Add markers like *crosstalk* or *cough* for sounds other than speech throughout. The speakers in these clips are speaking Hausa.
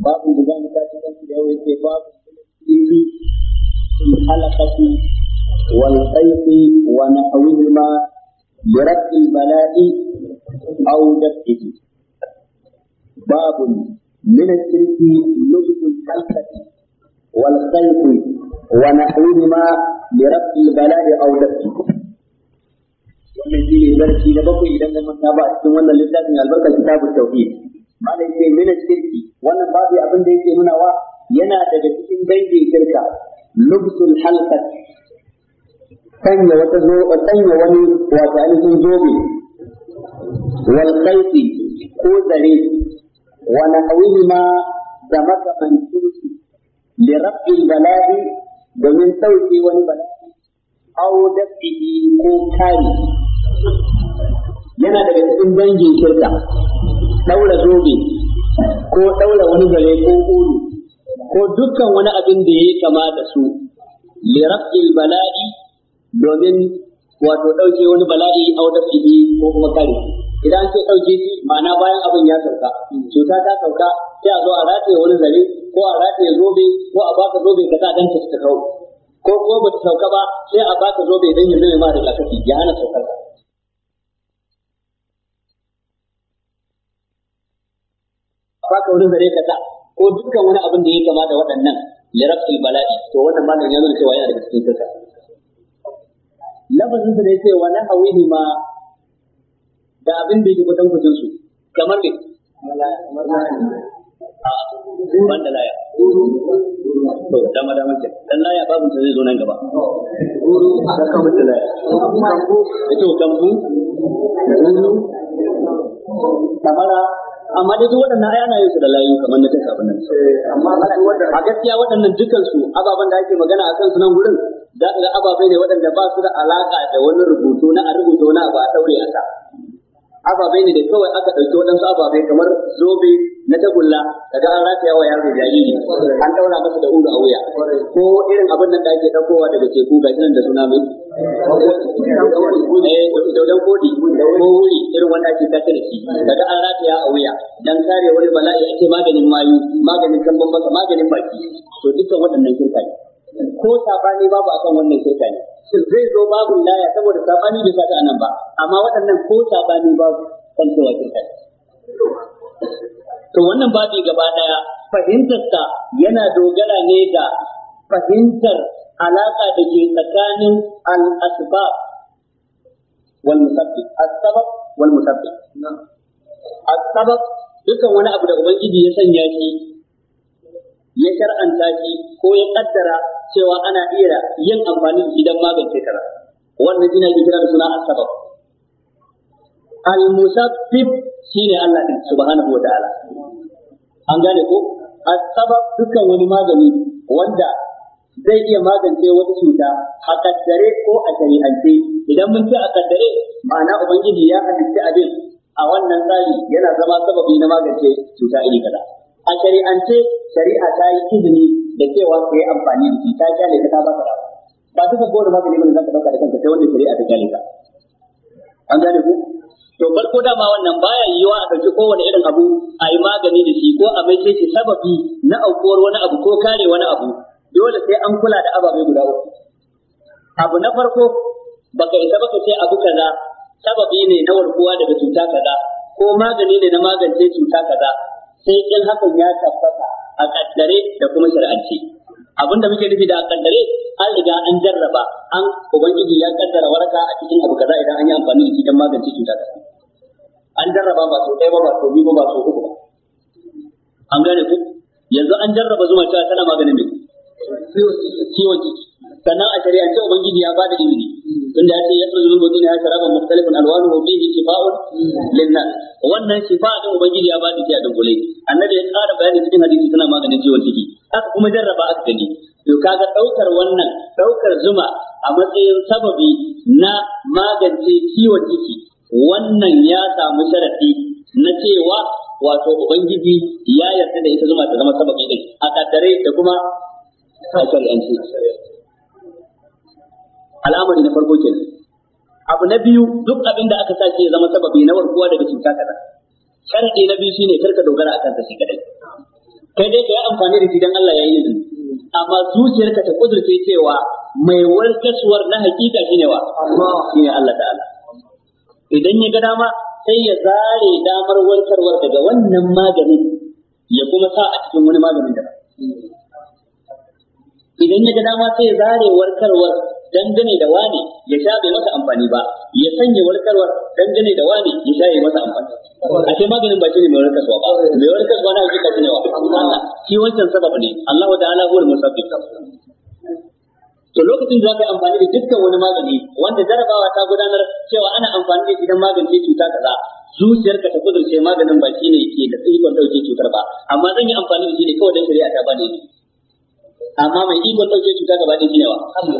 babu da zamu tashi kan shi yau yake babu ilmi sun halakatu wal qayfi wa nahwihima bi raddil bala'i aw dafihi babu min al-shirki lubtul halakati wal qayfi wa nahwihima bi raddil bala'i aw dafihi wannan shi ne darasi na bakwai idan ga manta ba a cikin wannan littafin albarkar kitabu tauhid malai ce mina shirki wannan babu abin da yake nuna wa yana daga cikin dangin shirka lubsul halqat sanya wata zo sanya wani wato ainihin zobe wal khayfi ko zare wa ma da makamancin su li rabbil bala'i domin sauke wani bala'i aw dafihi ko kari. yana daga cikin dangin kirka. daura zobe ko ɗaura wani zare ko ulu ko dukkan wani abin da ya yi kama da su li raf'il bala'i domin wato ɗauke wani bala'i a wata fili ko kuma kare idan ce ɗauke shi ma'ana bayan abin ya sauka cuta ta sauka sai a zo a rataye wani zare ko a rataye zobe ko a baka zobe ka sa dan ta kau ko ko ta sauka ba sai a baka zobe dan ya zama ma rigakafi ya hana saukar ka ka wurin zare ka sa ko dukkan wani abin da ya kama da waɗannan lirafil bala'i to wannan malam ya nuna cewa yana daga cikin kasa lafazin sa ne sai wa nahawihi ma da abin da yake gudan kujin su kamar ne ban da laya to dama dama ce dan laya babin sa zai zo nan gaba da kamar da laya kambu da kambu kamara amma dai duk waɗannan ai yin su da layu kamar na ta abin nan amma a gaskiya waɗannan dukan su ababen da ake magana a kansu nan gurin za ka ga ababe ne waɗanda ba su da alaƙa da wani rubutu na a rubuta wani abu a ɗaure a sa ababai ne da kawai aka ɗauki waɗansu ababai kamar zobe na tagulla daga an rataya wa yaro jariri an ɗaura masa da uru a wuya ko irin abin nan da ake ɗaukowa daga teku ga nan da suna mai eh, daudan kodi ko wuri irin wanda ake kasa da shi daga an rataya a wuya dan kare wani bala'i ake maganin mayu maganin kambon baka maganin baki to dukkan waɗannan kirka ne ko saɓani babu akan wannan kirka ne shin zai zo babu laya saboda sabani bai sata anan ba amma waɗannan ko sabani babu kan cewa ta to wannan babi gaba daya ta yana dogara ne da fahimtar alaka da ke tsakanin al-asbab wal musabbib as-sabab wal musabbib as-sabab dukkan wani abu da ubangiji ya sanya shi ya shar'anta shi ko ya kaddara cewa ana iya yin amfani da idan magance kaza wannan shi ke kira da suna asabab al-musabbib shine Allah din subhanahu wataala an gane ko asabab dukkan wani magani wanda zai iya magance wata cuta a kaddare ko a shari'ance idan mun ce a kaddare ma'ana ubangiji ya halitta abin a wannan tsari yana zama sababi na magance cuta iri kaza a shari'ance shari'a ta yi izini da cewa su yi amfani da shi ta kyale ka ta ba ka ba duka kowane magani za zaka ɗauka da kanka sai wanda shari'a ta kyale ka an gane ku to farko dama wannan baya yiwuwa a ɗauki kowane irin abu a yi magani da shi ko a mai shi sababi na aukuwar wani abu ko kare wani abu dole sai an kula da ababai guda uku abu na farko baka isa baka ce abu kaza sababi ne na warkuwa daga cuta kaza ko magani ne na magance cuta kaza sai in hakan ya tabbata a kaddare da kuma shar'anci abinda muke nufi da kaddare an riga an jarraba an ubangiji ya kaddara waraka a cikin abu kaza idan an yi amfani da shi dan magance cuta an jarraba ba so ɗaya ba ba so biyu ba ba so uku ba an gane ku yanzu an jarraba zuma cewa tana maganin ne ciwon ciki sannan a ce ubangiji ya bada ilimi tunda ya ce ya tsoro zuwa karaba sharaban mukhtalifan alwanuhu bihi shifa'un linnas wannan shifa din ubangiji ya bada shi a dangule annabi ya ƙara bayani cikin hadisi tana maganin ciwon ciki aka kuma jarraba aka gani to kaga daukar wannan daukar zuma a matsayin sababi na magance ciwon ciki wannan ya samu sharafi na cewa wato ubangiji ya yarda da ita zuma ta zama sababi din a kaddare da kuma a shari'ance al'amari na farko kenan abu na biyu duk abin da aka sace ya zama sababi na warkuwa daga cuta kaza sharadi na biyu shine karka dogara akan ta shi kadai kai dai ka yi amfani da shi dan Allah ya yi izini amma zuciyarka ta kudurce cewa mai warkaswar na hakika shine wa shine Allah ta'ala idan ya ga dama sai ya zare damar warkarwar daga wannan maganin ya kuma sa a cikin wani maganin daban hmm. idan ya ga dama sai ya zare warkarwar dangane da wani ya sha bai masa amfani ba ya sanya warkarwar dangane da wani ya sha bai masa amfani a ce maganin ba shi ne mai warkarwa ba mai warkarwa na hakika shine wa shi wancan sababu ne Allah wa ta'ala huwal musabbib to lokacin da zaka amfani da dukkan wani magani wanda jarabawa ta gudanar cewa ana amfani da idan magance cuta kaza zuciyarka ta kudurce maganin ba shi ne ke da ikon dauke cutar ba amma zan yi amfani da shi ne kawai dan shari'a ta bani amma mai ikon ɗauke cuta gaba ɗaya shine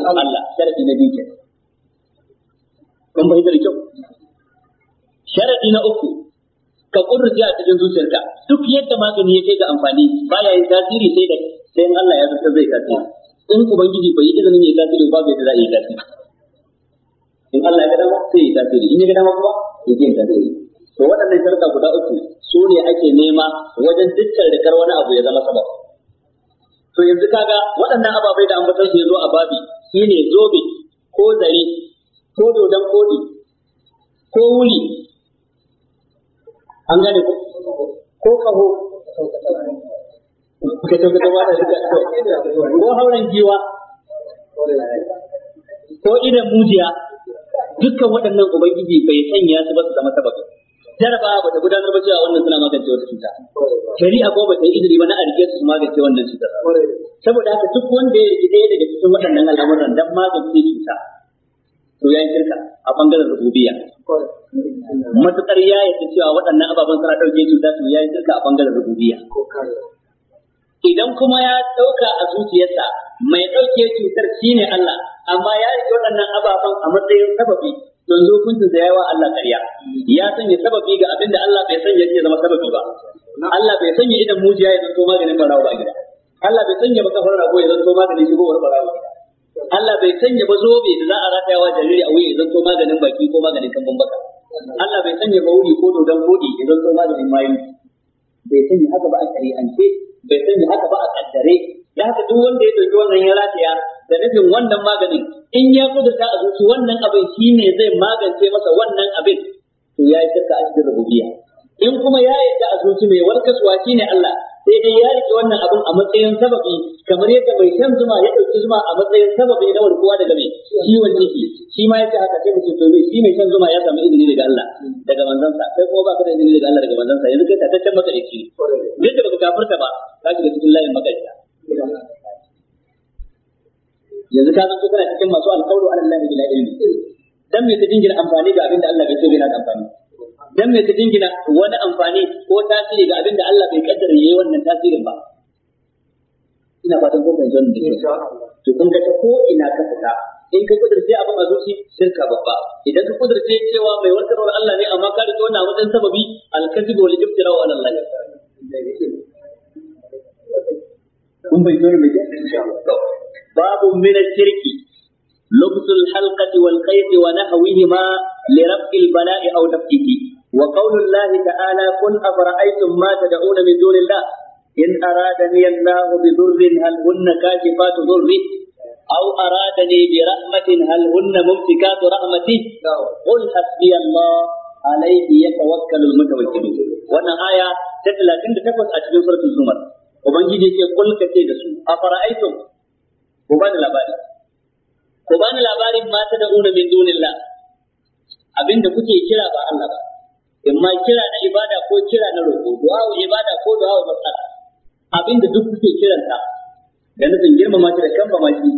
Allah sharadi na biyu ke kun fahimta da kyau sharadi na uku ka kudurci a cikin zuciyarka duk yadda magani ya kai ga amfani ba ya yi tasiri sai da sai in Allah ya zanta zai tasiri in ubangiji bai yi izinin ya tasiri ba bai da za a yi tasiri in Allah ya ga dama sai ya tasiri in ya ga dama kuma ya ke tasiri to waɗannan sharka guda uku su ne ake nema wajen dukkan rikar wani abu ya zama sabab to yanzu kaga waɗannan ababai da ambaton su yanzu a babi shine zobe ko zare ko dodon koɗi, ko wuri an gane ko ko kaho ta da ko hauren jiwa ko idan mujiya dukkan waɗannan ubangiji bai sanya su ba su zama sababi jarabawa ba ta gudanar ba cewa wannan suna magance wata cuta shari'a ko ba ta yi izini ba na arke su magance wannan cuta saboda haka duk wanda ya yi ɗaya daga cikin waɗannan al'amuran dan magance cuta to ya yi shirka a bangaren rububiyya matukar ya yi cewa waɗannan ababen suna ɗauke cuta to ya yi shirka a bangaren rububiyya idan kuma ya ɗauka a zuciyarsa mai ɗauke cutar shine Allah amma ya yi waɗannan ababen a matsayin sababi don hukuncin da yawa Allah ƙarya ya sanya sababi ga abinda Allah bai sanya shi ya zama sababi ba Allah bai sanya idan mujiya ya zanto maganin barawa ba gida Allah bai sanya makafar rago ya zanto maganin shigowar barawa Allah bai sanya ba zobe da za a rataya wa jariri a wuya ya zanto maganin baki ko maganin kambun baka Allah bai sanya bauri ko dodon kodi ya zanto maganin mayu bai sanya haka ba a ƙari'ance bai sanya haka ba a ƙaddare Ya haka duk wanda ya ɗauki wannan ya rataya da nufin wannan maganin in ya kudurta a zuci wannan abin shine zai magance masa wannan abin to ya yi shirka a cikin rububiyya in kuma ya yadda a zuci mai warkaswa shi ne Allah sai dai ya rike wannan abin a matsayin sababi kamar yadda mai shan zuma ya dauki zuma a matsayin sababi na warkuwa daga mai ciwon ciki shi ma yace haka sai mutum to mai shi mai shan zuma ya samu izini daga Allah daga manzansa kai kuma ka da izini daga Allah daga manzansa yanzu kai tataccen makareci ne duk da baka kafirta ba ka ga cikin layin makareci yanzu ka zanto kana cikin masu alƙawlu ala Allah bila ilmi dan me ka jingina amfani ga abinda Allah bai so yana amfani dan me ka jingina wani amfani ko tasiri ga abinda Allah bai kaddara yayi wannan tasirin ba ina fatan ko fahimci wannan to kun ga ta ko ina ka fita in ka kudurce abin a zuci shirka babba idan ka kudurce cewa mai warkarwar Allah ne amma ka rike wannan wajen sababi alkazi wal ibtira wa Allah kun bai zo ne mai insha Allah باب من الشرك لبس الحلقة والقيد ونحوهما لرفع البلاء أو دفعه وقول الله تعالى قل أفرأيتم ما تدعون من دون الله إن أرادني الله بضر هل هن كاشفات ضره أو أرادني برحمة هل هن ممسكات رحمته قل حسبي الله عليه يتوكل المتوكلون wannan aya ta 38 a cikin suratul zumar ubangiji ce kul kace da su afara'aytum ko bani labari ko bani labarin ma ta da'una min dunillah abinda kuke kira ba Allah ba in ma kira na ibada ko kira na roƙo du'a ibada ko du'a matsala abinda duk kuke kiranta da nufin girmama shi da ma maki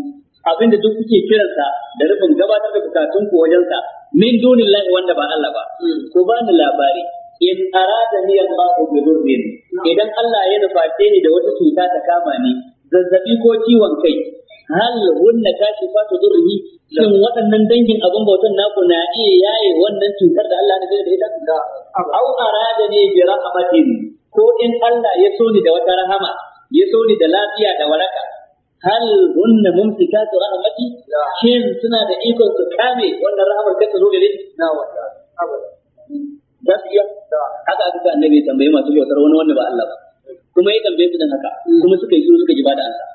abinda duk kuke kiranta da rufin gabatar da bukatun ku sa, min dunillahi wanda ba Allah ba ko bani labari in arada ni Allahu bi dhurrin idan Allah ya nuface ni da wata cuta ta kama ni zazzabi ko ciwon kai hal fa ta zurri shin waɗannan dangin abin bautan naku na iya yaye wannan cutar da Allah ya da ita au arada ne bi rahmatin ko in Allah ya so ni da wata rahama ya so ni da lafiya da waraka hal fita mumsikatu rahmati shin suna da ikon su kame wannan rahamar ka ta zo gare na wata gaskiya haka aka ga annabi tambaye masu bautar wani wanda ba Allah ba kuma ya tambaye su dan haka mm. kuma suka yi su suka ji ba da Allah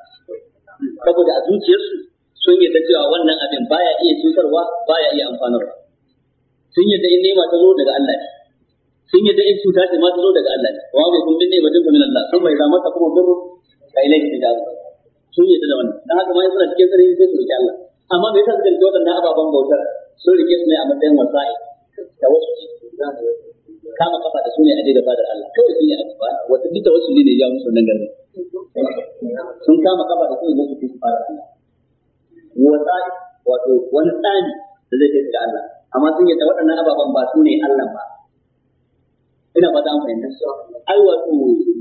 saboda a zuciyarsu sun yadda cewa wannan abin baya iya cutarwa baya iya amfanarwa sun yadda in nema ta zo daga Allah ne sun yadda in cuta ce ma ta zo daga Allah ne wa bai kun bin nema jinka min Allah sun bai zama ta kuma birru ka ilaihi ki da sun yadda da wannan dan haka ma in suna cikin sarari sai su rike Allah amma me yasa suka rike wannan ababen bautar sun rike su ne a matsayin wasa'i ta wasu kama kafa da sunan aje da fadar Allah kawai shine abu ba wata duk tawassuli ne ya musu nan garin sun kama kafa da sunan su su fara Allah wata wato wani tsani da zai kai ga Allah amma sun yadda waɗannan ababen ba su ne Allah ba ina fata an fahimta ai wato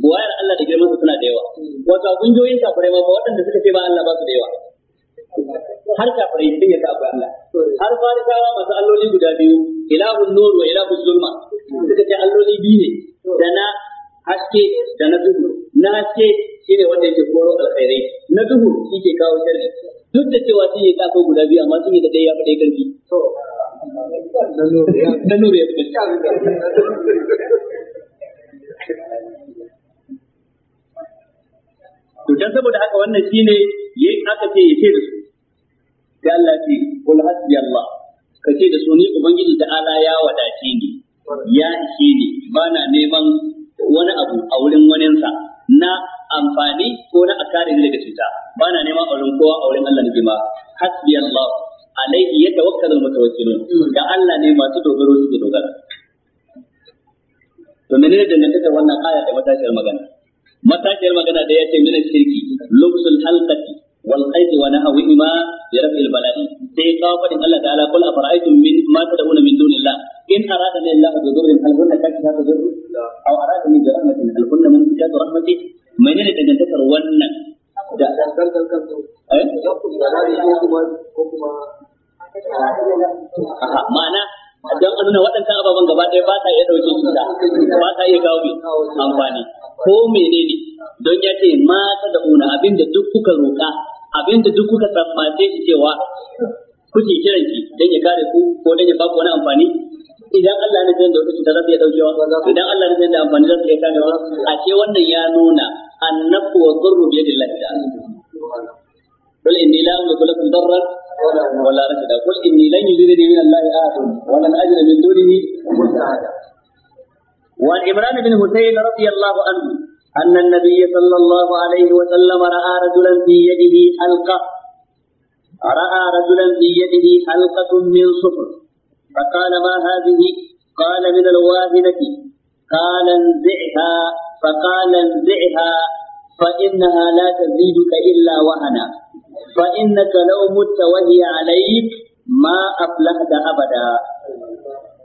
buwayar Allah da girman su suna da yawa wato kungiyoyin kafirai ma ba waɗanda suka ce ba Allah ba su da yawa har kafirai sai ya sa akwai Allah har farisawa masu alloli guda biyu ilahun nur wa ilahun zulma suka ce alloli biyu ne da na haske da na duhu na haske shine wanda yake koro alkhairai na duhu shike ke kawo sharri duk da cewa sun yi sa guda biyu amma sun yi da ɗaya ya faɗe karfi na nur ya fi to dan saboda haka wannan shine yayi aka ce ya ce da su sai Allah ya ce kul hasbi Allah ka ce da su ni ubangiji da ala ya wadace ni ya ishe ni bana neman wani abu a wurin wani waninsa na amfani ko na akare ni daga cuta bana neman auren kowa a wurin Allah nake ma hasbi Allah alaihi yatawakkalu mutawakkilun ga Allah ne masu dogaro suke dogara to menene dangantakar wannan aya da matashiyar magana matashiyar magana da ya ce mina shirki lubsul halqati wal qayd wa nahwihima bi raf'il bala'i sai ka fadin Allah ta'ala kul afara'aytum min ma tad'una min dunillah in arada ni Allah bi dhurrin hal kunna kashfa dhurri aw arada ni bi rahmatin hal kunna man kashfa rahmati menene dangantakar wannan da dangantakar kan eh ko kuma ma'ana don a nuna waɗancan ababen gaba ɗaya ba ta iya ɗauke cuta ba ta iya kawo amfani ko menene don ya ce mata da una abin da duk kuka roƙa abinda duk kuka tsammace shi cewa kuke kiran shi dan ya kare ku ko dan ya ba ku wani amfani idan Allah ne zai da wata cuta zai dauke wa daukewa idan Allah ne zai da amfani zai ta iya karewa a ce wannan ya nuna annabu wa zurru bi yadillahi ta'ala قل إني لا أملك لكم ضرا ولا رشدا قل إني لن يجرني من الله أحد ولن أجد من دونه مساعدا وعن عمران بن bin husayn radiyallahu anhu أن النبي صلى الله عليه وسلم رأى رجلا في يده حلقة رأى رجلا في يده حلقة من صفر فقال ما هذه؟ قال من الواهنة قال انزعها فقال انزعها فإنها لا تزيدك إلا وهنا فإنك لو مت وهي عليك ما أفلحت أبدا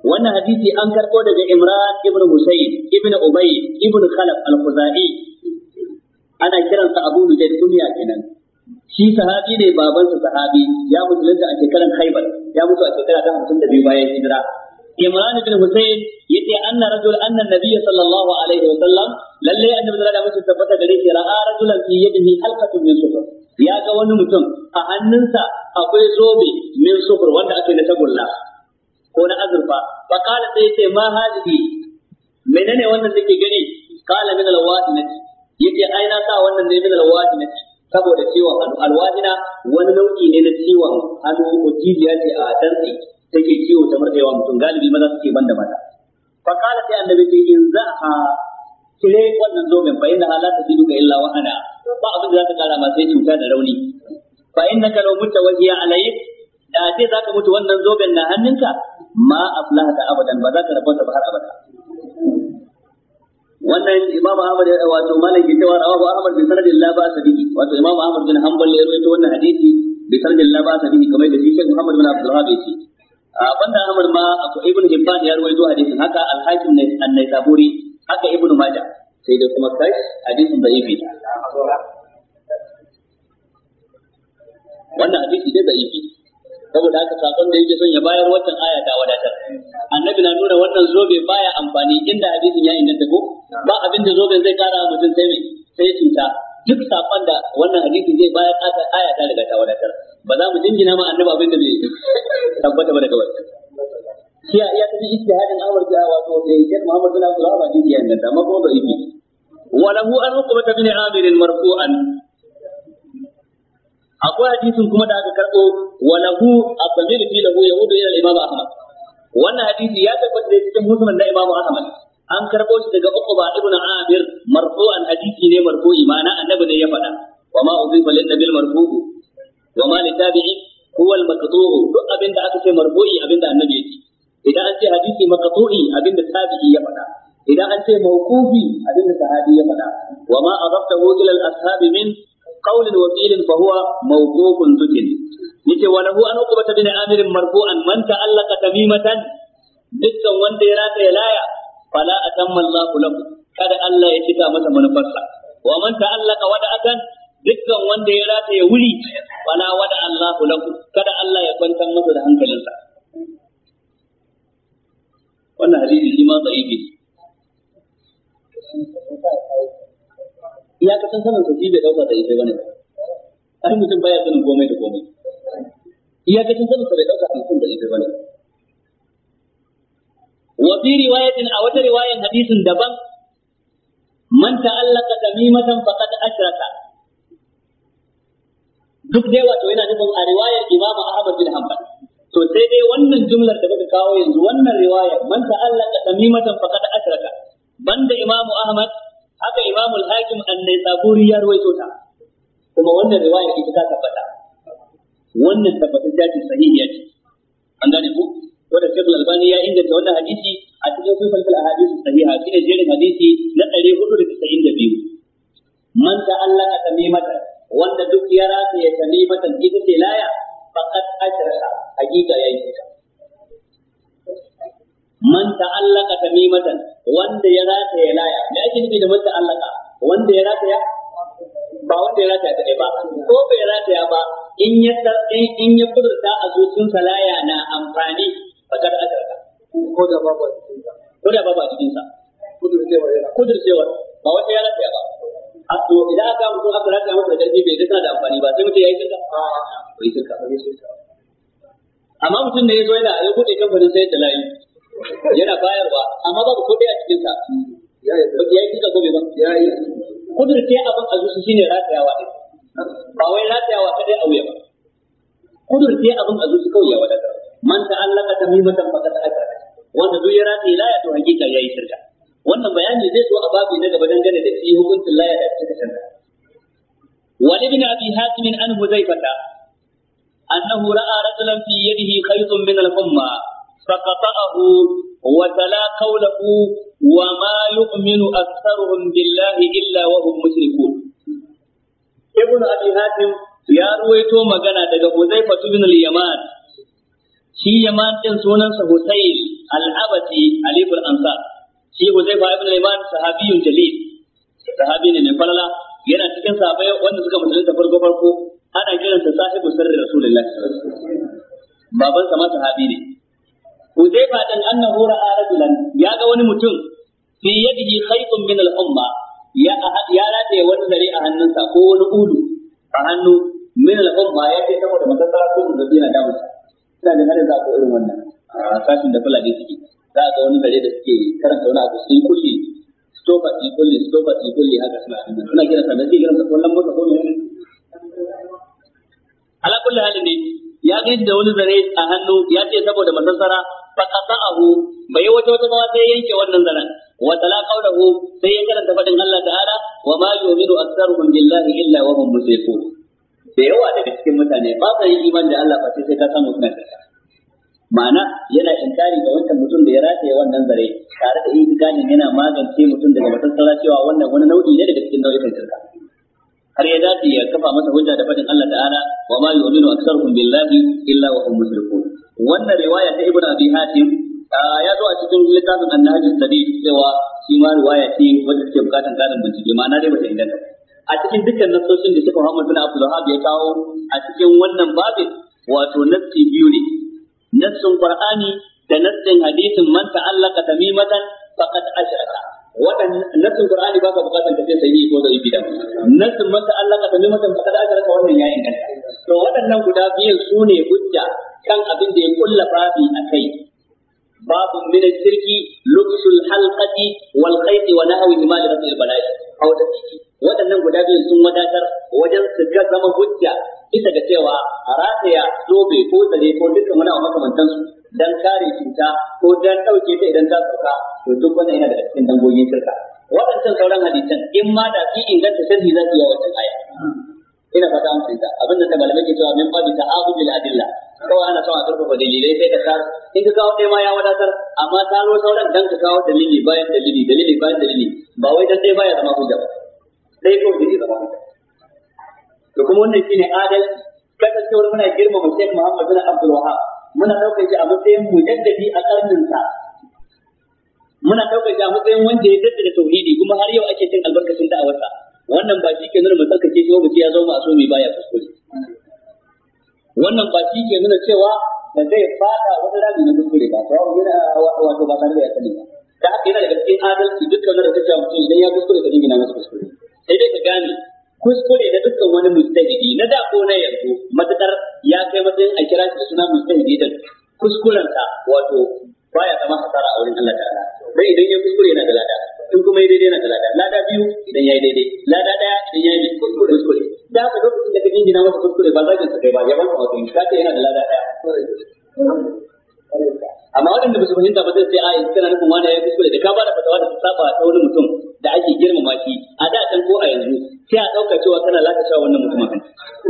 wannan hadisi an karɓo daga Imran ibn Husayn ibn Ubay ibn Khalaf al-Khuzai ana kiransa Abu Nujayd kunya kenan shi sahabi ne babansa sahabi ya mutu musulunta a shekaran Khaibar ya mutu a shekara ta 52 bayan hijira Imran ibn Husayn yace anna rajul anna nabiyya sallallahu alaihi wa sallam lalle annabi sallallahu alaihi wa sallam tabbata gare shi ra'a rajulan fi yadihi halqatun min sufur ya ga wani mutum a hannunsa akwai zobe min sufur wanda ake yi na tagulla ko na azurfa fa qala sai ce ma hadihi menene wannan nake gani qala min alwadinati yace ai na sa wannan ne min alwadinati saboda ciwon hannu alwadina wani nau'i ne na ciwon hannu jijiya ce a dantse take ciwo ta murɗewa mutum galibi maza suke ban da mata fa qala sai annabi ce in zaha kire wannan zoben fa inna la taziduka illa wahana ba abin da za ta kara ma sai cuta da rauni fa innaka law mutta wahiya alayhi da ce za ka mutu wannan zoben na hannunka ma ta abadan ba za ka rabauta ba har abada wannan imam ahmad wato malik ya cewa rawahu ahmad bin sanadin la ba sabihi wato imam ahmad bin hanbal ya rawaito wannan hadisi bin sanadin la ba sabihi kamar da shi shek muhammad bin abdul wahab yace a banda ahmad ma akwai ibn hibban ya rawaito hadisin haka al-hakim ne Annai Saburi, haka ibn majah sai da kuma kash hadisin da'ifi wannan hadisi da da'ifi saboda haka sakon da yake son ya bayar wannan aya ta wadatar annabi na nuna wannan zobe baya amfani inda hadisin ya inganta ko ba abin da zoben zai kara mutum sai sai cuta duk sakon da wannan hadisin zai bayar aka aya ta riga ta wadatar ba za mu jingina ma annabi abin da bai tabbata ba daga wannan shi a iya tafi ijtihadin Ahmad da wato da Sheikh Muhammad bin Abdullah ba din ya inganta amma ko ba yi وله أن ta بن amirin marfuan. akwai hadisin kuma da aka karɓo wa lahu at-tamyiz fi lahu yahudu ila al-imam Ahmad wannan hadisi ya tabbata da cikin musnad na Imam Ahmad an karɓo shi daga Uqba ibn Amir marfu'an hadisi ne marfu'i ma'ana annabi ne ya faɗa wa ma udhifa lin nabil marfu'u wa ma li tabi'i huwa al-maqtu'u duk abinda aka ce marfu'i abinda annabi yake idan an ce hadisi maqtu'i abinda tabi'i ya faɗa idan an ce mawqufi abinda sahabi ya faɗa wa ma adaftahu ila al-ashabi min muhimatan tamimatan faqad asraka banda Imam Ahmad haka Imam al-Hakim an-Naisaburi ya rawaito ta kuma wannan riwaya ita ta tabbata wannan tabbatar da sahihiya ce an gane ku wanda Sheikh albani ya inganta wannan hadisi a cikin sunan al-ahadith sahiha shine jerin na in ya furta a zuciyarsa la ولابن أبي حاتم عن حذيفة أنه رأى رجلا في يده خيط من الأمة فقطعه وتلا قوله وما يؤمن أكثرهم بالله إلا وهم مشركون ابن أبي حاتم يا رويتو مغانا daga Huzaifatu bin al-Yaman shi Yaman din sunansa Husayl al-Abati aliful ansar shi Huzaifa ibn al-Yaman sahabiyun ne mai yana cikin sahabbai wanda suka musulunta farko farko ana kiransa sahibu sirri rasulullahi baban sa ma sahabi ne Hudayfa dan annahu ra'a rajulan ya ga wani mutum fi yadihi khaytun min al-umma ya ya rataye wani zare a hannunsa ko wani udu a hannu min al-umma ya ce saboda masassara ko da zai na damu ina da hada za ko irin wannan a sashin da fulani suke za ga wani zare da suke karanta wani abu sun kushe stopper ɗin kulli stopper ɗin kulli haka suna nan suna kiran sa da zai kiran sa ko lambar ko ne ala kulli halin ne ya ga da wani zare a hannu ya ce saboda masassara fa qata'ahu bai wata wata ba sai yanke wannan zaren wa tala qawluhu sai ya karanta fadin Allah ta'ala wa ma yu'minu aktsaruhum billahi illa wa hum musyrikun da yawa daga cikin mutane ba sa yin iman da Allah ba sai ka samu suna shirka ma'ana yana inkari ga wancan mutum da ya rataye wannan zare tare da yin itikanin yana magance mutum daga matattara cewa wannan wani nau'i ne daga cikin nau'ikan shirka har ya dace ya kafa masa hujja da fadin Allah ta'ala wa ma yu'minu aktsaruhum billahi illa wa hum mushrikun wannan riwaya ta ibnu abi hatim ya zo a cikin littafin annabi sadi cewa shi ma riwaya ce wanda take bukatan karin bincike ma'ana dai bata inganta a cikin dukkan nasoshin da suka Muhammad bin Abdul Wahhab ya kawo a cikin wannan babin wato nassi biyu ne nassin qur'ani da nassin hadisin man ta'allaka tamimatan faqad ashraka wadan nassin qur'ani baka bukatan ka ce sai ko zai bida nassin man ta'allaka tamimatan faqad ashraka wannan ya inganta to waɗannan guda biyan su ne kan abinda ya kulla babi akai باب من الشرك لبس الحلقة والخيط ونحوهما لرفع البلاء أو تفكيك waɗannan guda biyu sun wadatar wajen su zama hujja bisa ga cewa a rataya zobe ko tsare ko dukkan wani makamantan su dan kare cuta ko dan dauke ta idan ta sauka to duk wannan yana daga cikin dangogin shirka waɗancan sauran hadisan in ma da fi inganta sharhi za su yi wancan aya ina fata an fita. abin da malamai ke cewa min babi ta'awud bil adilla kawai ana son a karfafa dalilai sai ka kawo in ka kawo ɗaya ma ya wadatar amma ta lo sauran dan ka kawo dalili bayan dalili dalili bayan dalili ba wai dan ɗaya baya zama hujja ba Sai ko zai zama hujja to kuma wannan shine adalci kasancewar muna girmama Sheikh Muhammad bin Abdul Wahhab muna daukar shi a matsayin mujaddadi a karnin sa muna daukar shi a matsayin wanda ya daddada tauhidi kuma har yau ake cin albarkacin da'awarsa wannan ba shi ke nuna mu tsarkake shi ba ya zo masu mai baya kuskure wannan ba shi ke nuna cewa da zai fada wani rami na kuskure ba to yana wato ba tare da ya sani ba da haka yana daga cikin adalci dukkan da kake mutum idan ya kuskure ka dinga na kuskure sai dai ka gane kuskure da dukkan wani mujtahidi na da ko na yanzu matakar ya kai matsayin a kira shi da suna mujtahidi da kuskuren sa wato baya zama hasara a wurin Allah ta'ala dan idan ya kuskure yana da lada in kuma ya daidai yana da lada lada biyu idan ya yi daidai lada daya idan ya yi kuskure kuskure da ka lokacin da kake jingina masa kuskure ba za ka kai ba ba ka wato ka ce yana da lada daya amma waɗanda ba su fahimta ba zai sai a yanzu kana nufin wani ya kuskure da ka ba da fatawa da ta saba ta mutum da ake girmama shi a da can ko a yanzu sai a ɗauka cewa kana lakacewa wannan mutumin kan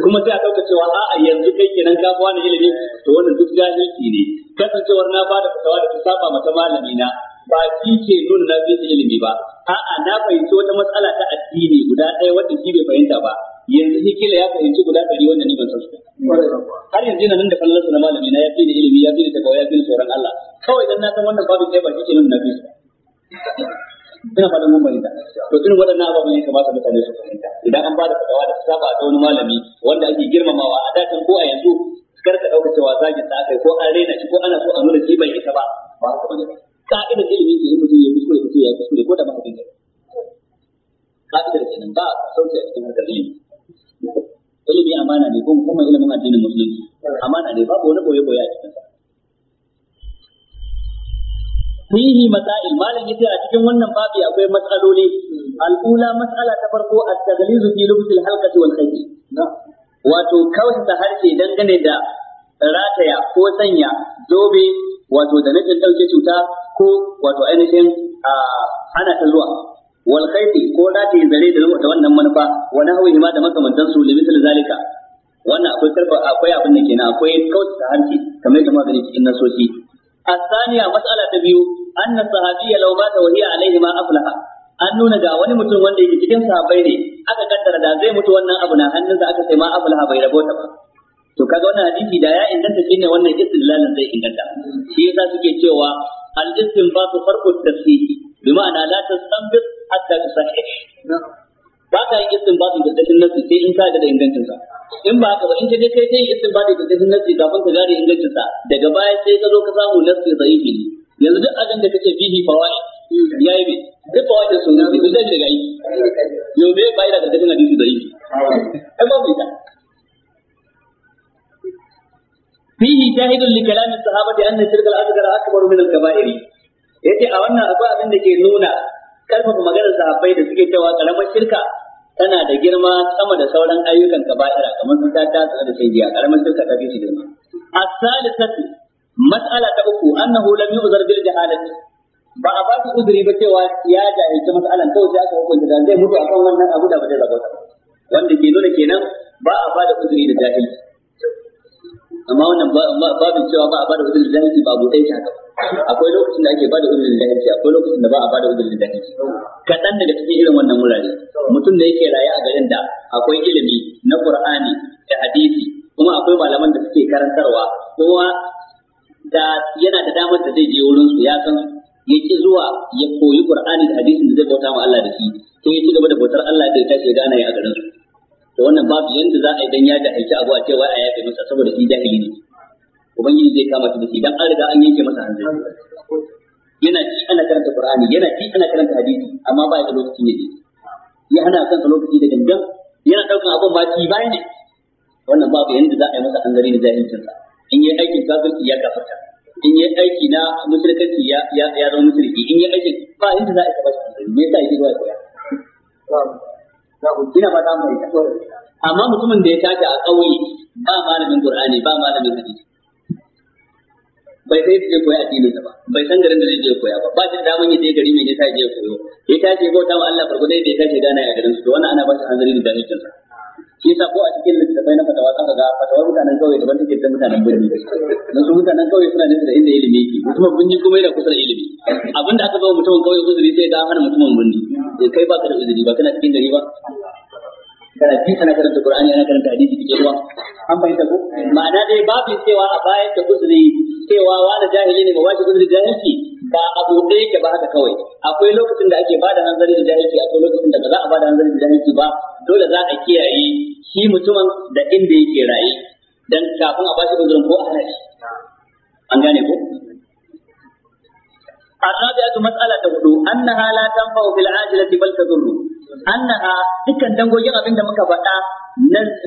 kuma sai a ɗauka cewa a'a yanzu kai kenan ka fi wani ilimi to wannan duk jahilci ne kasancewar na ba da fatawa da ta saba mata malami na ba shi ke nuna na fi ilimi ba a'a na fahimci wata matsala ta addini guda ɗaya wadda shi bai fahimta ba yanzu ni kila ya fahimci guda ɗari wanda ni ban san su har yanzu na nan da kallon na malami na ya fi ni ilimi ya fi ni tagawa ya fi ni tsoron Allah kawai dan na san wannan babu kai ba shi ke nan na fi ina faɗin mun fahimta to irin waɗannan ababen ya kamata mutane su fahimta idan an ba da fadawa da saba da wani malami wanda ake girmamawa a datin ko a yanzu kar ka dauka cewa zagin sa kai, ko an raina shi ko ana so a nuna shi bai ita ba ba haka bane ka'idar ilimi ke mutum ya kuskure ka ce ya kuskure ko da ba ka dinga ka'idar kenan ba sauke a cikin harkar ilimi ilimi amana ne ko kuma ilimin addinin musulunci amana ne babu wani boye boye a cikin fihi masail malam yace a cikin wannan babi akwai matsaloli al'ula mas'ala ta farko at-taghlizu fi lubsil halqati wal khayl wato kawai da harshe dangane da rataya ko sanya dobe wato da nufin dauke cuta ko wato ainihin ah, hana ta zuwa wal ko da ta yi zare da wannan manufa wa nahwihi ma da makamantan su li misal zalika wannan akwai karfa akwai abin da kenan akwai kauta hanci cikin الثانية مسألة تبيو أن الصحابية لو مات وهي عليه ما an nuna ga wani mutum wanda yake cikin sahabbai ne aka kaddara da zai mutu wannan abu na hannunsa aka sai ma abulha bai ta ba to kaga wannan hadisi da ya inganta shine wannan istidlalin zai inganta shi yasa suke cewa al-istinbatu farqu tafsiri bima'ana la tastanbit hatta tusahih ba ka yin istinbati da tsakin nasi sai in ka da ingancin sa in ba haka ba in ka je kai kai istinbati da tsakin nasi kafin ka gane ingancin sa daga baya sai ka zo ka samu nasi dhaifi ne yanzu duk abin da kace bihi fawaid yayi bi duk fawaid sun ne duk da gayi yo me fa'ida da tsakin hadisi dhaifi ai ba ita فيه شاهد لكلام الصحابة أن الشرك الأصغر أكبر من الكبائر yace a wannan akwai abin da ke nuna karfafa maganar sahabbai da suke cewa karamar shirka tana da girma sama da sauran ayyukan kaba'ira kamar sun ta tsara da shaidiya karamar shirka ta fi shi girma as-salisatu mas'ala ta uku annahu lam yu'zar bil jahalati ba a ba su uzuri ba cewa ya jahilci mas'alan kawai sai aka hukunta da zai mutu akan wannan abu da ba zai rabota wanda ke nuna kenan ba a ba da uzuri da jahilci amma wannan babin cewa ba a bada uzurin jahilci ba abu ɗaya haka akwai lokacin da ake bada uzurin jahilci akwai lokacin da ba a bada uzurin jahilci kaɗan daga cikin irin wannan wurare mutum da yake raye a garin da akwai ilimi na qur'ani da hadisi kuma akwai malaman da suke karantarwa kowa da yana da damar da zai je wurin su ya san ya ki zuwa ya koyi qur'ani da hadisin da zai bauta ma Allah da shi to ya ci gaba da bautar Allah da ya tashi ya gane a garin su to wannan babu yanda za a yi dan ya da aiki abu a ce wai a yafe masa saboda shi jahili ne ubangiji zai kama shi da shi dan an riga an yanke masa hanzari yana ci ana karanta qur'ani yana ci ana karanta hadisi amma ba ya da lokacin yaje ya hana kansa lokaci da gangan yana daukan abin ba ci bai ne wannan babu yanda za a yi masa hanzari da jahilcinsa in yi aikin kafirci ya kafirta in yi aiki na musulunci ya ya zama musulunci in yi aiki ba inda za a yi kaba shi me yasa yake zuwa koya ina ba za mu yi amma mutumin da ya tashi a ƙauye ba malamin qur'ani ba malamin hadisi bai sai je koyi addinin ba bai san garin da zai je koya ba ba shi da daman ya gari mai nisa ya je koyo ya tashi ta wa Allah farko dai da ya tashi gana a garin su to wannan ana ba shi hanzari da dalilinsa shi yasa ko a cikin littattafai na fatawa kaka ga fatawar mutanen kauye daban take da mutanen birni dan su mutanen kauye suna nisa da inda ilimi yake mutumin birni kuma yana kusa da ilimi abin da aka zo mutumin kauye uzuri sai ga hana mutumin birni kai ba ka da uzuri ba kana cikin gari ba kana ji kana karanta Qur'ani ana karanta hadisi cikin ruwa an bayyana ko ma'ana dai babin cewa a bayan da uzuri cewa wani jahili ne ba wace uzuri jahilci ba abu ɗaya ke ba haka kawai akwai lokacin da ake bada hanzari da jahilci akwai lokacin da ba za a bada hanzari da jahilci ba dole za a kiyaye shi mutumin da inda yake raye dan kafin a bashi uzurin ko a hana shi an gane ko الرابعة مسألة هدو أنها لا تنفع في العاجلة بل تضر أنها dukkan dangogin abin da muka faɗa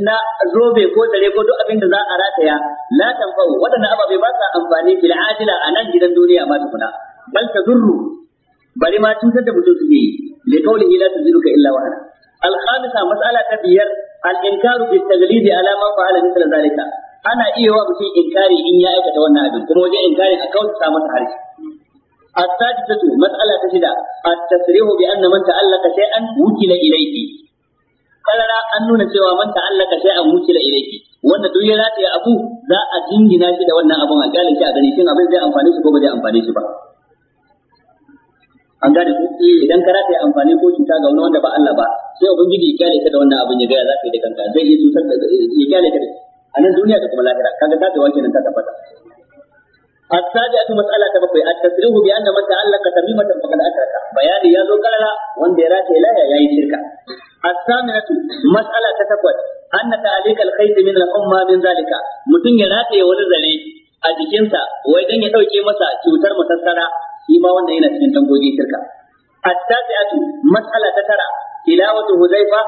na zobe ko dare ko duk abin da za a rataya la tanfa'u waɗannan ababe ba sa amfani fil ajila a nan gidan duniya ma tukuna bal tadurru bari ma cutar da mutum suke yi li qawlihi la tuziruka illa wa al khamisa mas'ala ta biyar al inkaru bi taglidi ala man fa'ala mithla zalika ana iya wa mutum inkari in ya aikata wannan abin kuma wajen inkarin a kawai sa masa harshe السادسة مسألة تشدة التصريح بأن من تعلق شيئا وكل إليه kalara an nuna cewa man ta'allaka sai an wuce da ilaiki wanda duk ya rataye abu za a jingina shi da wannan abun a kyalin shi a gani shin abin zai amfane ba zai amfane ba an gane ko idan ka rataye amfani ko cuta ga wani wanda ba Allah ba sai ubangiji ya kyale ka da wannan abin ya ga za ka yi da kanka zai iya cutar ya kyale ka a nan duniya da kuma lahira kaga ta da wake nan ta tabbata asali atu ta bakwai atasiruhu bi anna man ta'allaka tamimatan faqad ataka bayani ya zo karara wanda ya rata ilayya yayi shirka asaminatu matsala ta takwas anna ta'alika alkhayr na al-umma min zalika mutun ya rata wani zare a cikin wajen ya dauke masa cutar masassara shi ma wanda yana cikin tangoji shirka asali atu matsala ta tara تلاوة هزيفة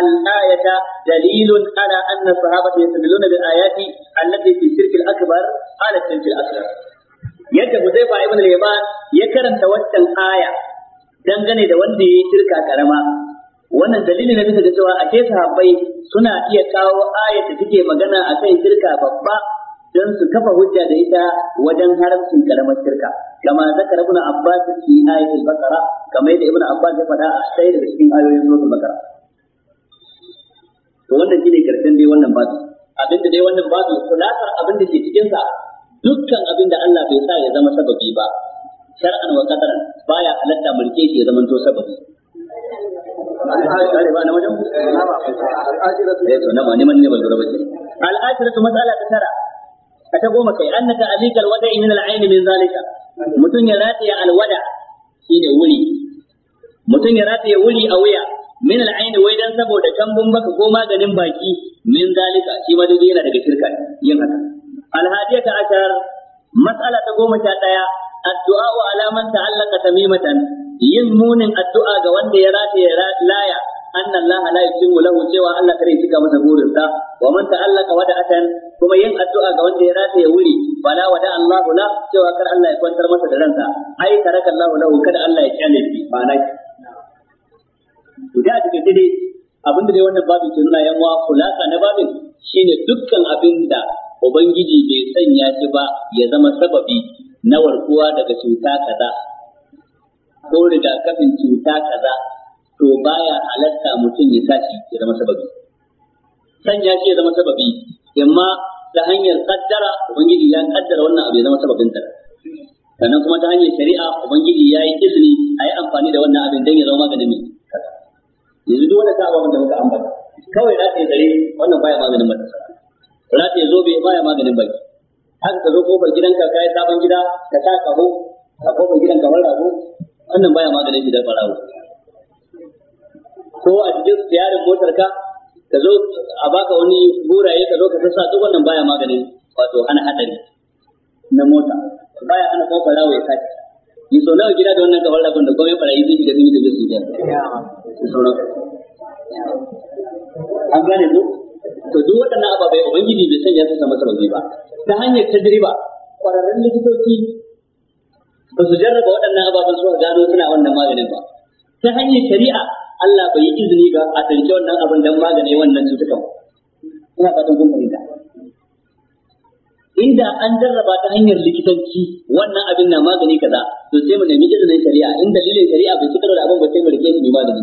الآية دليل على أن الصحابة يستدلون بالآيات التي في الشرك الأكبر على الشرك الأصغر yadda Huzaifa ibn al-Yaman ya karanta watan aya dangane da wanda ya yi shirka karama wannan dalilin na bisa ga cewa a ce sahabbai suna iya kawo aya da take magana kan shirka babba don su kafa hujja da ita wajen haramcin karamar shirka كما ذكر ابن عباس في آية البقرة كما يدعي ابن عباس يفدا أشتير بشكين آية سورة البقرة to wannan shine karshen dai wannan abinda dai wannan babu kulatar abinda ke cikin sa dukkan abinda Allah bai sa ya zama sababi ba shar'an wa qadaran baya halatta mulke shi ya zama to sababi al'ashiratu matsala ta tara ta goma kai annaka alikal wada'i min al'ayn min zalika mutum ya rataya alwada ne wuri mutum ya rataya wuri a wuya min al'ain wai dan saboda kambun baka ko maganin baki min zalika shi ma dai yana daga shirka yin haka ta ashar mas'ala ta goma sha daya addu'a ala man ta'allaka tamimatan yin munin addu'a ga wanda ya rataya laya anna Allah la yutimmu lahu cewa Allah kare cika masa gurinsa, wa man ta'allaka wada'atan kuma yin addu'a ga wanda ya rataye wuri fala wada Allah la cewa kar Allah ya kwantar masa da ransa ai taraka Allah lahu kada Allah ya kyale shi ma'ana to da take abinda abin da dai wannan babin ke nuna yan kulaka na babin shine dukkan abinda da ubangiji bai sanya shi ba ya zama sababi na warkuwa daga cuta kaza ko rigakafin cuta kaza to baya halatta mutum ya tashi ya zama sababi sanya shi ya zama sababi amma ta hanyar kaddara ubangiji ya kaddara wannan abu ya zama sababin ta sannan kuma ta hanyar shari'a ubangiji ya yi izini a yi amfani da wannan abin don ya zama maganin mai yanzu duk wanda ta abubuwan da muka ambata kawai za ta yi zare wannan baya maganin matasa za ta yi zobe baya maganin baki haka ka zo kofar gidanka ka yi sabon gida ka sa kaho a kofar gidanka wani rago wannan baya maganin gidan barawo ko a cikin siyarin motar ka ka zo a baka wani guraye ka zo ka sassa duk wannan baya maganin wato hana hadari na mota baya hana kuma farawa ya kai ni so nawa gida da wannan kafar rabon da komai barayi sun shiga sun yi da su biyar sauran an gane ku to duk waɗannan ababai ubangiji bai sanya su sama sarauki ba ta hanyar tajriba kwararren likitoci ba su jarraba waɗannan ababen suna gano suna wannan maganin ba ta hanyar shari'a Allah bai yi izini ga a tsarki wannan abin don magane wannan cutukan ina fatan kun fahimta inda an jarraba ta hanyar likitanci wannan abin na magani kaza to sai mu nemi izinin shari'a in dalilin shari'a bai fitar da abin ba sai mu rike shi magani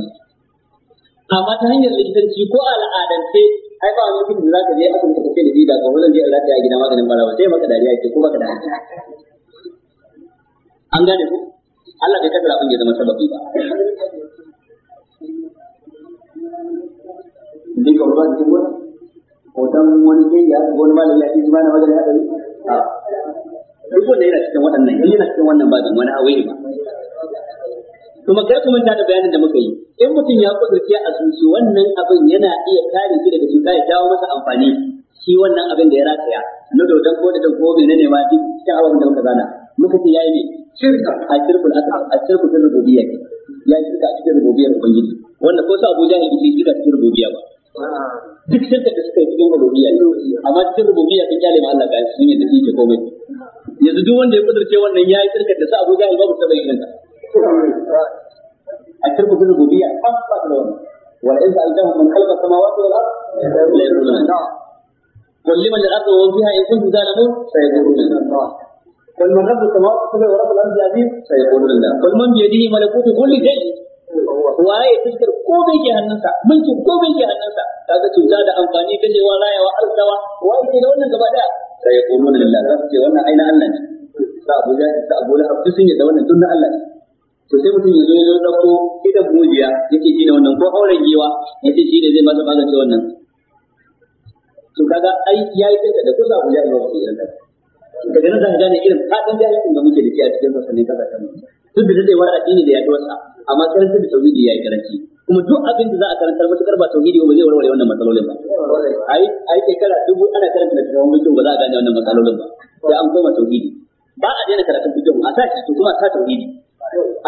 amma ta hanyar likitanci ko al'adance ai ba wani mutum da za ka je a kuma ce da dida ga wannan zai ta ya gida maganin ba sai maka dariya ce ko baka dariya an gane ku Allah bai kaddara abin ya zama sababi ba dan wani kingiya wani malami ya ce ma malama da hadari a duk wanda yana cikin waɗannan in yana cikin wannan babin wani hawaye ba kuma kai kuma manta da bayanin da muka yi in mutum ya kudurce a zuci wannan abin yana iya kare shi daga cuta ya jawo masa amfani shi wannan abin da ya rataya na dodon ko da ko menene ma duk cikin abin da muka zana muka ce yayi ne shirka a shirkul asal a shirkul rububiyya ya shirka a cikin rububiyyar ubangiji wanda ko sa Abuja ne bai shirka cikin rububiyya ba duk shirka da suka yi cikin rububiyya amma cikin rububiyya sun kyale ma Allah kayan sun yi da shi ke komai yanzu duk wanda ya kudurce wannan ya yi shirka da sa Abu babu sabai irin a shirka da rububiyya tabbas da wannan wal in sa'altahum min khalqa samawati wal ard la yaquluna qul liman al-ardu wa fiha in kuntum zalimun sayaquluna Allah قل من رب السماوات السبع ورب الارض العزيز سيقولون الله قل من بيده ملكوت كل شيء waye fuskar bai ke hannunsa ko bai ke hannunsa kaga cuta da amfani kashewa rayawa arzawa Wa ke da wannan gaba daya sai ya kuma da Allah zan ce wannan aina Allah ne sa Abu Jahil sa Abu Lahab duk sun yi da wannan tun na Allah ne to sai mutum ya zo ya zo dauko ida mujiya yake shi da wannan ko auren giwa yake shi ne zai ba magance wannan to kaga ai yayi sai da kusa Abu ya ba shi irin daga nan za ka gane irin fadin jahilcin da muke da shi a cikin masanin kasashen mu duk da wa addini da yaduwarsa amma karantar da tauhidi yi karanci kuma duk abin da za a karantar matukar ba tauhidi ba zai warware wannan matsalolin ba ai ai shekara dubu ana karanta da tauhidi mutum ba za a gane wannan matsalolin ba sai an koma tauhidi ba a daina karatun fiqh a sa shi kuma a sa tauhidi